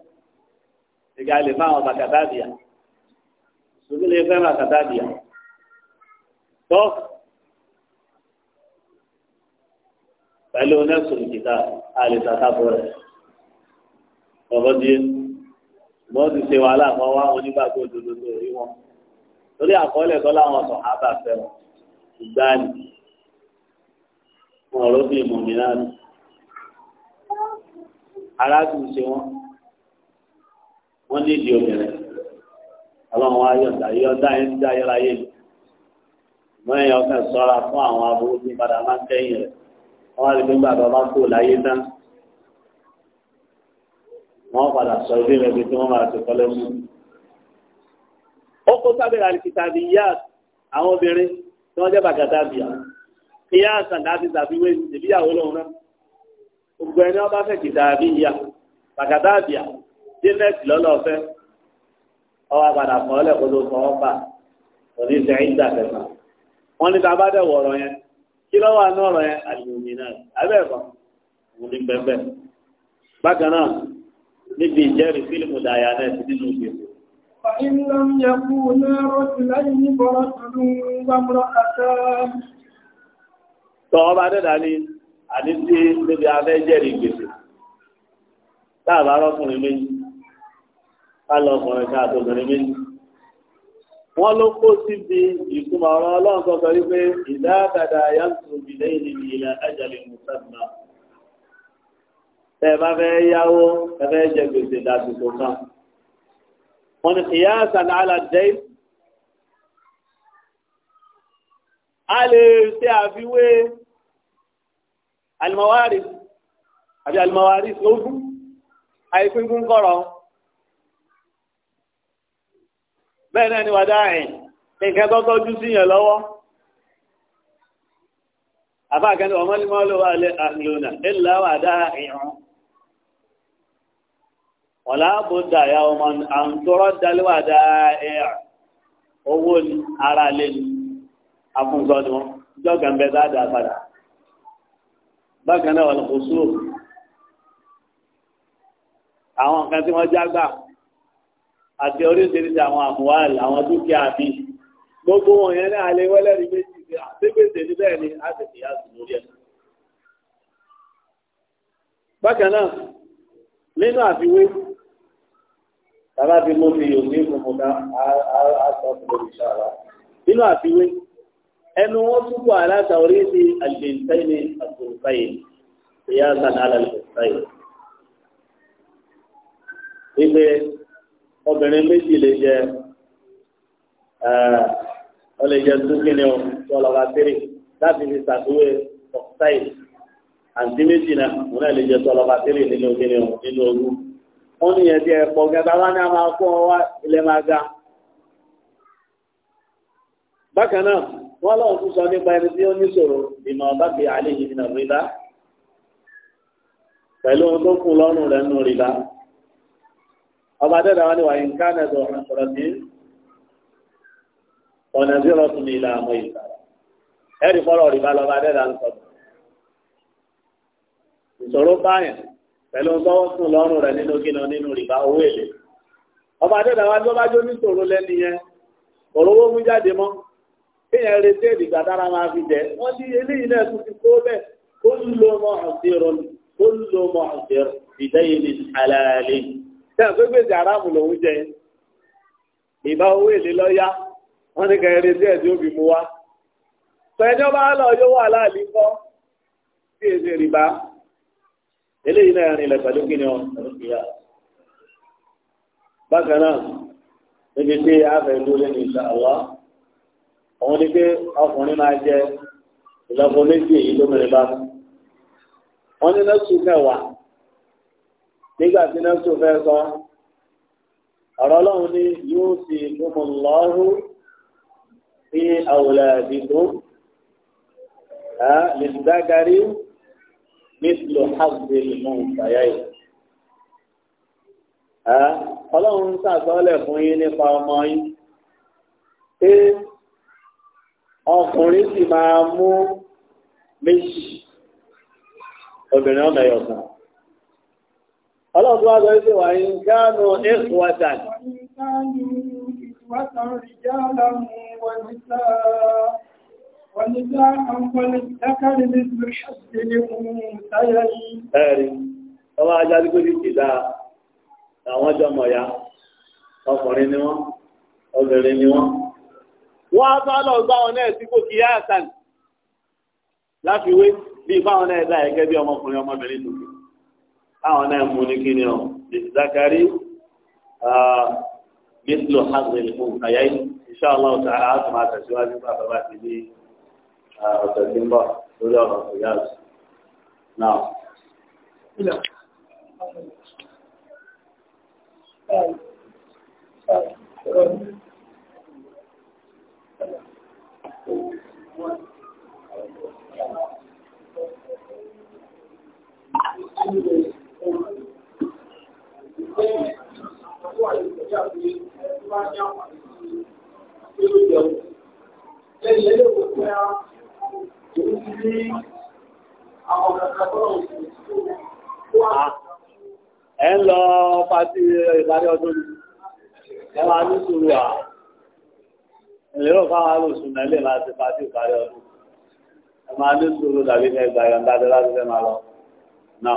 ìgbà lè fẹ́ àwọn bàkàtà bìyà òbí lè fẹ́ bàkàtà bìyà tó pẹ̀lú onẹ́sùn kìtà àlìsàtà bọ̀rẹ̀ ọ̀rọ̀ díẹ̀ bọ́ọ̀ ti ṣe wàhálà kan wá onígbàgbọ́ òdodo tó rí wọn torí àkọọ́lẹ̀ tó láwọn sọ̀hábà fẹ́ wọn ìgbà ni wọn ọ̀rọ̀ bí ìmọ̀mí náà ni arákùnṣe wọn wọn ní ìdí obìnrin ọlọ́run ayọ̀dá yọ̀dá yẹn ti dá yọ̀rá yé mi mọ ẹ̀yìn ọkàn sọ́ra fún àwọn aburú tí padà máa ń kẹ́yìn rẹ̀ wọ́n wá lè fi gbàgbọ́ bá kó láyé tán wọ́n padà sọ ilé rẹ̀ bí tí wọ́n máa ti kọ́ lẹ́mú. ó kó sábẹ́ àlìkìtàbíyà àwọn obìnrin tí wọ́n jẹ́ bàgàdàbíyà kíyà àsàn láti tàbí wé ìbí ìyàwó lòun náà gbogbo ẹni ọba fẹ́ kìí dàbí ìyá bàkàtà àbíà dínẹ́ẹ̀tì lọ́lọ́fẹ́ ọwọ́ àbàdà kan ọlẹ́kọ̀ọ́ ló sọ ọ́ bà òní ṣe ń dà tẹ̀sán wọ́n ní ta bá dẹ̀ wọ̀ ọ̀rọ̀ yẹn kí lọ́wọ́ àná ọ̀rọ̀ yẹn àlùmí náà abẹ́ ẹ̀kọ́ òun ní pẹ́pẹ́ bákan náà níbi ìjẹ́rìí fílìmù dàyà náà ti nínú ìgbèkùn فإن لم يكونا رجلين فرجل وامرأتان tọ́wọ́ bá dẹ́dà ni àní tí níbi afẹ́ jẹ́rìí gbèsè táàbà rọ́kùnrin méjì ká lọ ọkùnrin ká àtọkùnrin méjì wọ́n ló kó síbi ìtumọ̀ ọ̀rọ̀ ọlọ́run sọ sọ wípé ìdáàkàdà yàtò ìdílé ìlú ìlà ẹ̀jẹ̀lẹ̀ mùsàlùmá tẹ́ ẹ bá fẹ́ yáwó ẹ fẹ́ jẹ gbèsè dàsìkò kan wọ́n ní kìyà sànà àlàdé a lè ṣe àfiwé almawaris àbí almawaris lógún àìpínkún kọ̀rọ̀ bẹ́ẹ̀ náà ni wàdá ẹ̀ nǹkan tó tọ́jú sí yẹn lọ́wọ́ àbáàkẹ́ni ọmọ ní mọ́ lọ́wọ́ alẹ́ àlùnà ẹ̀là wàdá ìrún wọ̀lá bùdà ya ọmọ àǹtọ́rọ̀ dalíwàdá ẹ̀ owó bákan náà wà lóko sóò àwọn nǹkan tí wọ́n jágbà àti oríṣiríṣi àwọn àmúwàl àwọn dúkìá mi gbogbo wọn yẹn náà lè wọlé rí méjì sí àtẹgbèsè ní bẹ́ẹ̀ ni a sì fi yá sí lórí ẹ̀. bákan náà nínú àfiwé tàbá fi mú fi yòókì fún mu ká a sọ fún mi ṣáà nínú àfiwé ẹnu wọn túbọ̀ aláṣàwọ̀rí sí àgbẹ̀ntẹ́ni àgbẹ̀ntẹ́yì ìyá sàdálà àgbẹ̀ntẹ́yì. wípé obìnrin méjì lè jẹ ọ lè jẹ dúkìní o tí ọlọ́ba tẹ́rì láti fi ṣàtúwé ọ̀tẹ́yì àǹtí méjì náà wọn náà lè jẹ tí ọlọ́ba tẹ́rì nínú kíní o nínú ogún. wọ́n ní ẹ̀dí ẹ̀pọ̀ gẹ́gẹ́ wá ní a máa kó ọ wá ilé máa ga. bákan náà wọ́n lọ́wọ́ tún sọ nípa ẹni tí ó ní ṣòro ìmọ̀ ọba fi àlè yìí nà rí bá pẹ̀lú ohun tó kún lọ́rùn rẹ̀ nù rí bá ọba dẹ́dà wọn ni wàá yín kánẹ̀ tó ọ̀rọ̀ sọ̀rọ̀ sí ọ̀nà tí ọ̀rọ̀ tún ní ilà àmọ́ ìta ẹ̀rí fọ́rọ̀ rí bá lọ́ba kéèyàn retí ìdìgbà dára máa fi jẹ wọn ní eléyìí náà tún ti kó bẹ́ẹ̀ kó ń lo ọmọ ọ̀sẹ̀rọ̀ kó ń lo ọmọ ọ̀sẹ̀rọ̀ ìdáyé ní alaalẹ́ tí a gbégbé ti aráàmù lòún jẹ ìbá owó èlé lọ́yà wọn ní kẹrin retí ẹ̀ tí ó fi mú wa pẹ̀lú ọba lọ yóò wà láàlí kọ́ sí èsì rìbá eléyìí náà rìn lẹ̀ pẹ̀lú kí ni ọ bákan náà níbi tí a fẹ́ dúró ní ìṣàlọ́ òun ni pé ọkùnrin máa jẹ ìlọ́po méjì èyí lómìnir bá mú wọ́n ní nọ́ọ̀sù mẹ́wàá nígbà tí nọ́ọ̀sù fẹ́ sọ ọ̀rọ̀ ọlọ́run ní yóò sì fún lọ́rùn ní àwòlẹ̀ ìdìbò lè dágarí mítlò hàbìlì mọ́ ìgbàyà yìí ọlọ́run ń sàtọ́lẹ̀ fún yín nípa ọmọ yín ọkùnrin sì máa mú méjì obìnrin ọ̀nà yọ̀kan ọlọ́pù wá sọ wípé wà ní káànù ẹ̀kùwàtà Ẹ̀rí, ọwọ́ ajá dígbò ní ìdá àwọn ọjọ́ mọ̀ ya, ọkùnrin ni wọ́n, obìnrin ni wọ́n, wọ́n á bá lọ gbá wọn náà sí kò kí yá àsàn láfiwé bí báwọn náà dá ẹgẹ́ bí ọmọkùnrin ọmọbìnrin tó kù báwọn náà mú ní kíni ọ zakari mislo hazel fún ayayi iṣẹ́ ọlọ́run tá a tún máa tẹ̀síwájú bá bàbá ti ní ọ̀sẹ̀ tí ń bọ̀ lórí ọ̀rọ̀ ìyá àti náà. Thank you. ẹ ń lọ pàtí ìparí ọdún ẹ máa ní sùúrù à ìlérò fáwọn alùsùn náà lè máa ti pàtí ìparí ọdún ẹ máa ní sùúrù tàbí ní ẹgbàá yọ̀ǹda tó láti fẹ́ máa lọ náà.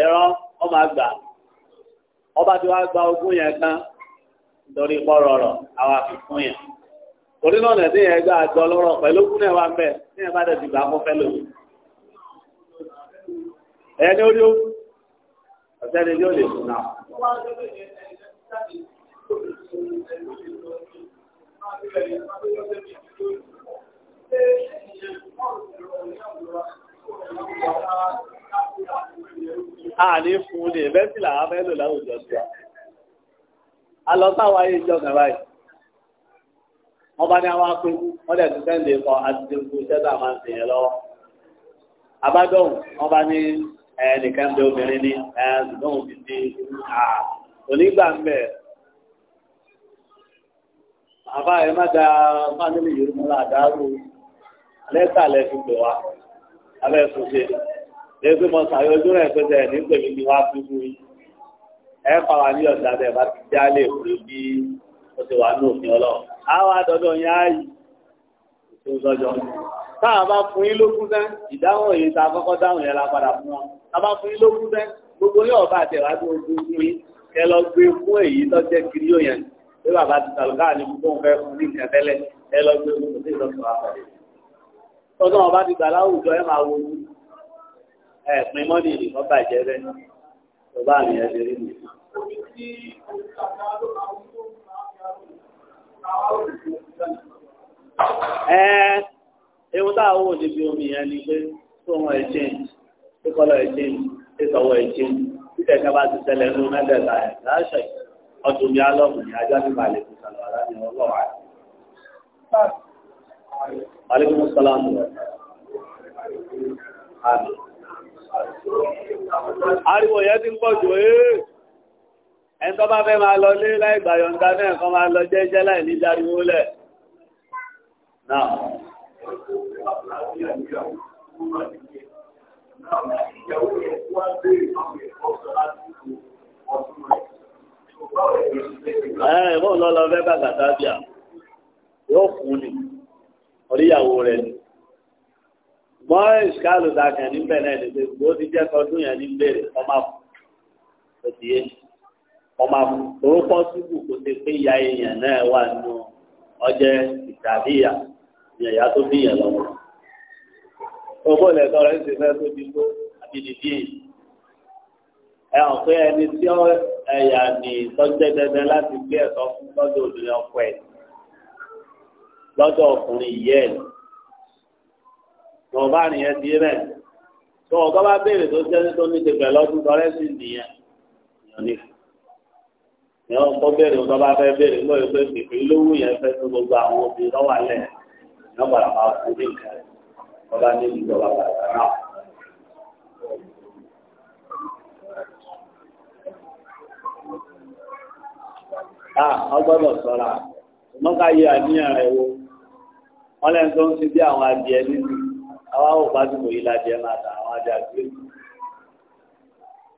ẹ̀rọ ọmọ àgbà ọba tí wàá gba ogún yẹn tán lórí pọ́rọ̀rọ̀ àwọn àfikún yẹn torí náà nà ní ẹgbẹ́ àjọ lọ́rọ̀ pẹ̀lú ogún náà wà ń bẹ̀ ní ẹ̀bá dẹ̀ ti gbà fún fẹ́ lòun ẹni orí ó ọ̀sẹ́ni yóò lè fún náà. Thank you. àní fún un lè bẹ́sìlà abẹ́lò láwùjọ sí wa a lọ sáwọn ayé ìjọ kan báyìí wọ́n bá ní àwọn apin wọ́n dẹ̀ ti sẹ́ǹdì kan àti ti kú sẹ́tà máa ń sìn lọ́wọ́ abádọ́hùn wọ́n bá ní ẹnìkan bẹ obìnrin ní ẹnìdọ́hùn ti onígbà ń bẹ̀ àbá ẹ má da fámìlì yorùbá àdáró lẹ́tà lẹ́fi pè wá abẹ́ fún ṣe lẹ́gbẹ́ mọ sàyọjú rẹ̀ pẹ́sẹ́ ẹ̀ nígbè mi ni wá fún fún yín ẹ fà wá ní ọ̀dà tẹ̀ bá ti já lè fún bí ó ti wà ní òfin ọlọ́run á wá dọ́dọ̀ yín á tó ń sọ́jọ́ táà bá fún yín lókún tẹ́ ìdáhùn èyí tá kọ́kọ́ dáhùn yẹn la padà fún wọn a bá fún yín lókún tẹ́ gbogbo yóò bá tẹ̀ wá tó ojú fún yín kẹ lọ gbé fún èyí lọ́jẹ́ tọ́jọ́ wọn bá ti gbà láwùjọ ẹ máa wojú ẹ pin mọ́nì ní kọ́ bàjẹ́ rẹ tó bá mi ẹ lè rí mi. ẹ ewu tá a wò níbi omi yẹn ni pé tó wọn ẹ change tó kọ́lọ̀ ẹ change tó sọ̀wọ́ ẹ change títẹ̀ ká bá ti tẹ̀lé ní mẹ́tẹ̀ẹ̀ta ẹ̀ láṣẹ ọdún mi alọ́ọ̀mù ni ajá nípa lè fi sàlọ̀ ni ọlọ́wà. وعلیکم السلام ariwo yẹn ti ń pọ̀ jù ee eh. ẹni tó bá fẹ́ máa lọ lé láì gbàyọ̀ǹda náà kan máa lọ jẹ́jẹ́ láì ní járiwó lẹ̀ náà ẹ̀rìn ìwọ̀n lọ́lọ́ fẹ́ bàbà tábíà yóò fún ni oríyàwó rẹ̀ ni mọ́ ìṣkáàlù dàkẹ́ níbẹ̀ náà ní pé gbogbo ti jẹ́ tọdún yẹn ní bèrè ọmọ àpò òtí yé ọmọ àpò orúkọ síbù kò ṣe pé ìyá èèyàn náà wà nù ọjẹ́ ìtàdíyà ìyẹn ìyá tó bíyàn lọ́wọ́ gbogbo ilẹ̀ tọrọ ẹ̀sìn fẹ́ tó di tó àti dìdí ẹ̀ hàn pé ẹni tí ẹ̀yà ní tọ́jú dẹ́dẹ́ láti gbé ẹ̀tọ́ fún tọ́jú obìnrin ọkọ ẹ̀ lọ́dọ̀ ọkùnrin yẹ ẹ̀ tọ̀ọ̀bá nìyẹn ti rẹ̀ tọ̀ọ̀bá bá béèrè tó sẹ́ni tó ní ti pẹ̀ lọ́dún tọ́rẹ́ sì nìyẹn èèyàn ní ìyẹn ọkọ̀ béèrè tó bá fẹ́ béèrè lọ́ ìgbé pèpè lówó yẹn fẹ́ tó gbogbo àwọn obìnrin lọ́wọ́ alẹ́ ìyẹn padà máa fún ní nǹkan ọba ní ìjọba bàbá náà. a ọgbọ́dọ̀ yẹ àníyàn rẹ̀ wo wọ́n lẹ́nu tó ń sin bí àwọn adìẹ nínú àwọn àwọn òbá dùn òyìn ládìẹ máa ta àwọn adìẹ àgbẹ̀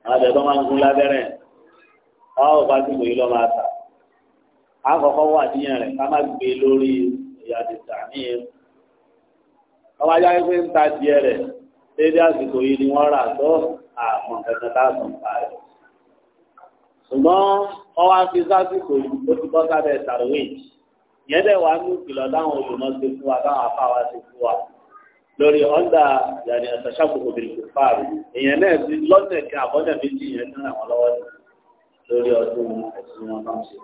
àwọn adìẹ tó máa ń gún lábẹ́rẹ́ àwọn òbá dùn òyìn lọ́ máa ta àkọ́kọ́ wà níyàn rẹ̀ ká má gbé lórí ìyàdì sàníyàn ọmọ ajá pé ń ta adìẹ rẹ̀ déédé àsìkò yìí ni wọ́n rà tó àmọ̀ kankan láàbùn báyìí ṣùgbọ́n ọwọ́ á fi yìí ó ti bọ́ sábẹ́ sàrúwèjì yẹn dẹ̀ wá ní ìkìlọ̀ láwọn olùmọ̀ ṣe fún wa láwọn afáwa ṣe fún wa lórí ọ̀ndà yàrá àtàṣàkó obìnrin kò fáàrí èèyàn náà ti lọ́nà kan àbọ̀dà méjì yẹn ní àwọn lọ́wọ́ ni lórí ọdún ẹ̀sìn wọn náà ṣe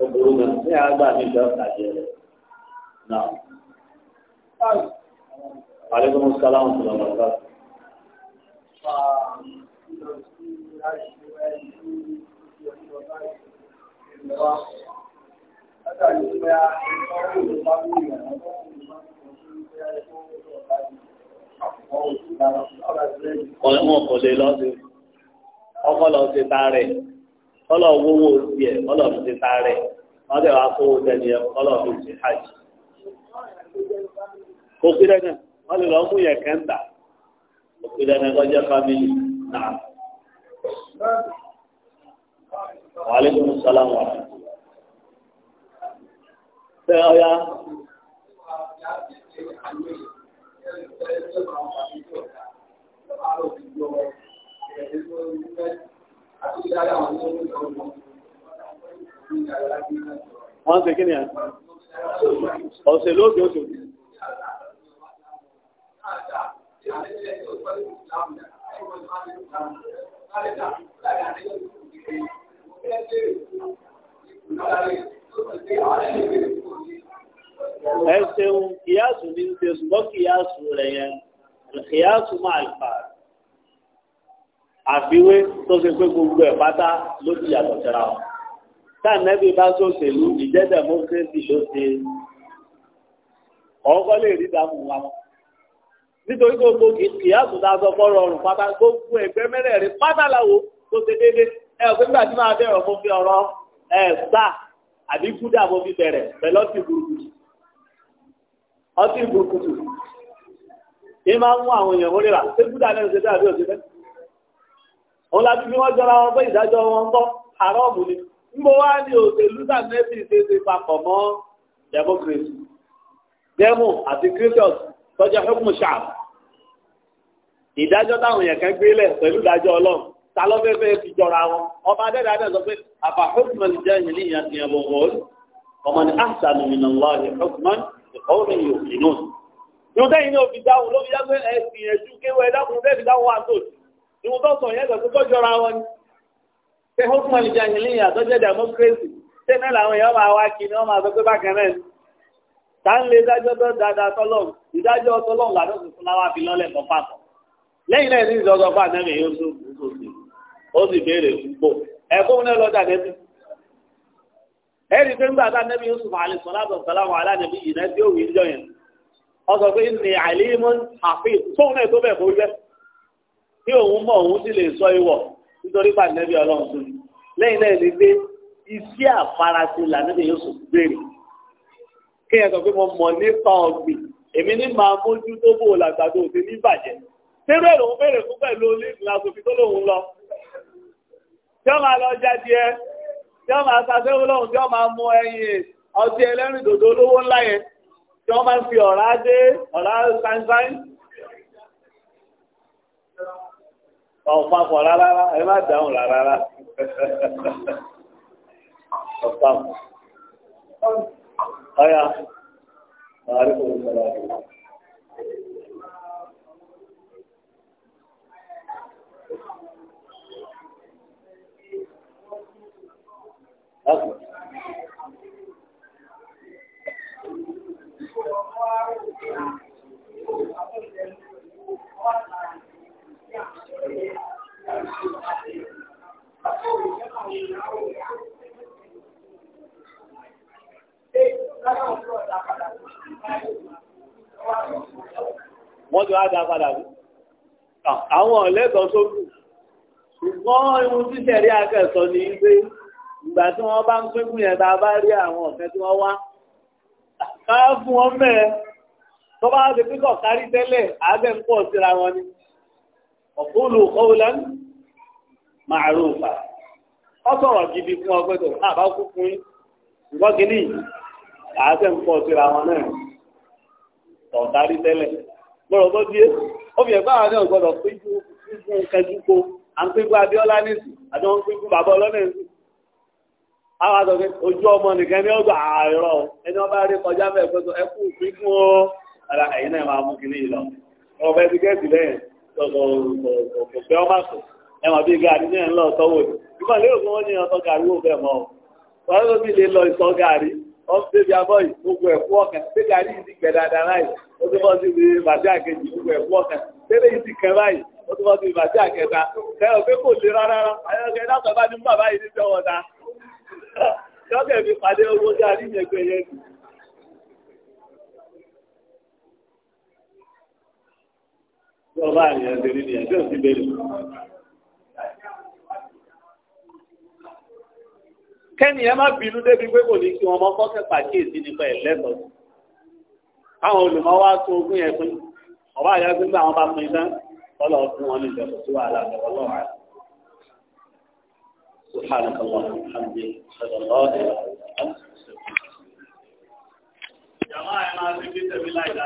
ọ burú náà ní àgbà mi jọ àjẹ rẹ náà. aleykum salaam wa rahmatulah. Thank you. Ọlọ́wọ́n Ọkọ lọ sí tààrẹ̀. Kọ́lọ̀ wówó tiẹ̀ kọ́lọ̀ fi sí tààrẹ̀. Wọ́n tẹ̀ wá kówó tẹ̀lé ẹ̀ kọ́lọ̀ fi sí hajj. Kò sí dandan, wọ́n lè lọ mú yẹn kẹ́ńtà. Kò sí dandan kọjá fámìlì náà. Wàhálà ìgbìmọ̀ sálàmù àti. Ṣé ọya? Wọ́n ṣe kí ni ẹ̀? Ọ̀sẹ̀ lóògbé oṣù. Thank you ẹ ṣeun kìyàsù ní ṣe ṣùgbọ́n kìyàsù rẹ̀ yẹn kìyàsù máa fà àfiwé tó ṣe pé gbogbo ẹ̀ pátá ló ti yàtọ̀ síra wọn táàmẹ́bí bá sọ̀ṣèlú ìjẹ́dẹ̀ mọ́kírẹ́sì ló ṣe ọkọ lè rí dààmú wa nítorí gbogbo kìyàsù tá a sọ fọ́rọ̀ ọ̀rùn pátá gbogbo ẹgbẹ́ mẹ́rẹ̀ẹ̀rin pátá làwọ̀ tó ṣe déédéé ẹ̀ ọ̀gbẹ́gbà tí máa bẹ̀rẹ̀ fún fi ọ̀rọ̀ ẹ̀ sáà àbí kúdà mo fi bẹ̀rẹ̀ pẹ̀lú ọtí burúkutu ọtí burúkutu yìí máa ń mú àwọn èèyàn wọlé rà ṣé kúdà náà ṣe bẹ́ẹ̀ àbí òṣè bẹ́ẹ̀ òun láti fi wọ́n jọra wọn pé ìdájọ́ wọn ń bọ́ àrọ́ọ̀mù ni ń bọ́ wá ní òṣèlú sàmẹ́sì ṣe ṣe papọ̀ mọ́ democracy demo àti christians tọ́jà fẹ́ kún ṣáà ìdájọ́ táwọn èèyàn kan gbélẹ̀ pẹ̀lú ìdájọ́ ọlọ́run talọ́fẹ́fẹ́ fi jọra wọn ọba adẹ́dàá náà sọ pé àfàhùkùnmọ̀lì jẹ́ ìlú ìyàn ti ẹ̀bùn wọ́n ọmọ ní àṣàlù mi náà wáyé hùkùnmọ̀n ìkọ́wé yóò fi nù. ìwọ tẹ́yìn ní òbí dáhùn ló fi yá pé ẹ sì yẹn ju kéwọ́ ẹ dákun bẹ́ẹ̀ fi dáhùn wá tó ìwọ tó sọ yẹn sọ pé jọra wọn ni. pé hùkùnmọ̀lì jẹ́ ìlú ìyàn tó jẹ́ democracy ṣé náà làwọn èèyàn máa wá kí ni wọ́n máa sọ pé bákan náà ta ń lè dájọ́ tó dáadáa tọ́lọ́m ìdájọ́ tọ́lọ́m làdọ́sùn fúnra wa fi lọ́lẹ̀ kọ́ pàtó náà ní ìjọba fún àtẹ́mì yóò tó gbogbo sí i ó sì béèrè gbò ẹ̀kọ́ wọn lọ́dà nẹ́bí ẹ̀rí pé ńgbà tá nẹ́bí Yusuf alayhi salatu wa salam ala nẹ́bí yìí nẹ́bí ó wí jọ yẹn wọ́n sọ pé ní alimun hafiz tóun náà tó bẹ̀ bó jẹ́ tí òun mọ̀ òun sì lè sọ ìwọ̀ nítorí pà nẹ́bí ọlọ́run tó ní lẹ́yìn náà ní pé iṣẹ́ àfarasí lànàbí Yusuf béèrè kí ẹ sọ pé mo mọ̀ nípa ọ̀gbìn èmi ní máa mójú tó bò làgbàdo òsè ní ìbàjẹ́ tẹ́rù lòun béèrè fún pẹ̀lú olóògùn asòfin tó lòun lọ tí lọ jáde ẹ tí ó máa sàṣẹ́wó lọ́hùn tí ó máa mú ẹyin ọtí ẹlẹ́rìn dòdò olówó ńlá yẹn tí wọ́n máa fi ọ̀rá dé ọ̀rá sáńsáń ọ̀pàpọ̀ rárá ẹ má dáhùn rárá ọ̀pàpọ̀ ọ̀yà. Wa alaikum salaam. wọ́n ti wá dá padà bí àwọn ọ̀lẹ́kọ̀ọ́ tó kù ṣùgbọ́n ohun tí sẹ̀rí akẹ́sọ ni ń ìgbà tí wọ́n bá ń pínkún yẹn tá a bá rí àwọn ọ̀sẹ̀ tí wọ́n wá ká fún wọn mẹ́ẹ̀ tó bá ti pínkọ̀ kárí tẹ́lẹ̀ àgbẹ̀ ń pọ̀ síra wọn ni ọ̀pọ̀lù kọ́wùlán màrúfà ọ sọ̀rọ̀ gidi fún ọgbẹ́ tó àbá kú fún ìgbọ́n kìíní àgbẹ̀ ń pọ̀ síra wọn náà tọ̀ kárí tẹ́lẹ̀ gbọ́dọ̀ bó díẹ̀ ó fi ẹ̀gbọ́n àwọn náà gbọ́dọ̀ pínkún kẹjú ko à ń pínkún Abíọ́lá nísì àti wọn pínkún bàbá ọlọ́nà nísì àwọn àtọ̀gbẹ́ ojú ọmọ nìkan ní ọgbà àárọ̀ ẹni ọba kọjá bẹ́ẹ̀ pé ẹ kú fífún o ara ẹ̀yin náà máa mú kiri lọ ọbẹ̀ ti gẹ́ẹ̀sì bẹ́ẹ̀ ọmọ sọ́wọ́ ni ìgbà lérò pé wọ́n ní ọ wọ́n ló ti lọ gbogbo ẹ̀kú yìí ti dáadáa ó bọ́ sí ibi bàtí àkejì gbogbo ẹ̀kú yìí ti kẹ́ báyìí ó bọ́ Lọ́kẹ̀ fi pàdé owó dáadé ìyẹ̀gbẹ̀ yẹn ni. Ìjọba àríyàn ti rí ni ẹ̀jọ́ ti bẹ̀rẹ̀. Kẹ́ni ẹ má bínú débi pé kò ní kí wọn mọ kọ́kẹ́ pàkíyèsí nípa ẹ̀lẹ́tọ̀ọ́. Àwọn olùmọ̀ wá tó ogún yẹn pín. Ọba àyà gbígbà àwọn bá pín tán. Ọlọ́ọ̀ wọn ní ìjọba tó wà láàbẹ̀ ọlọ́run àti. سبحانك اللهم وبحمدك اشهد ان لا اله الا انت استغفرك يا جماعه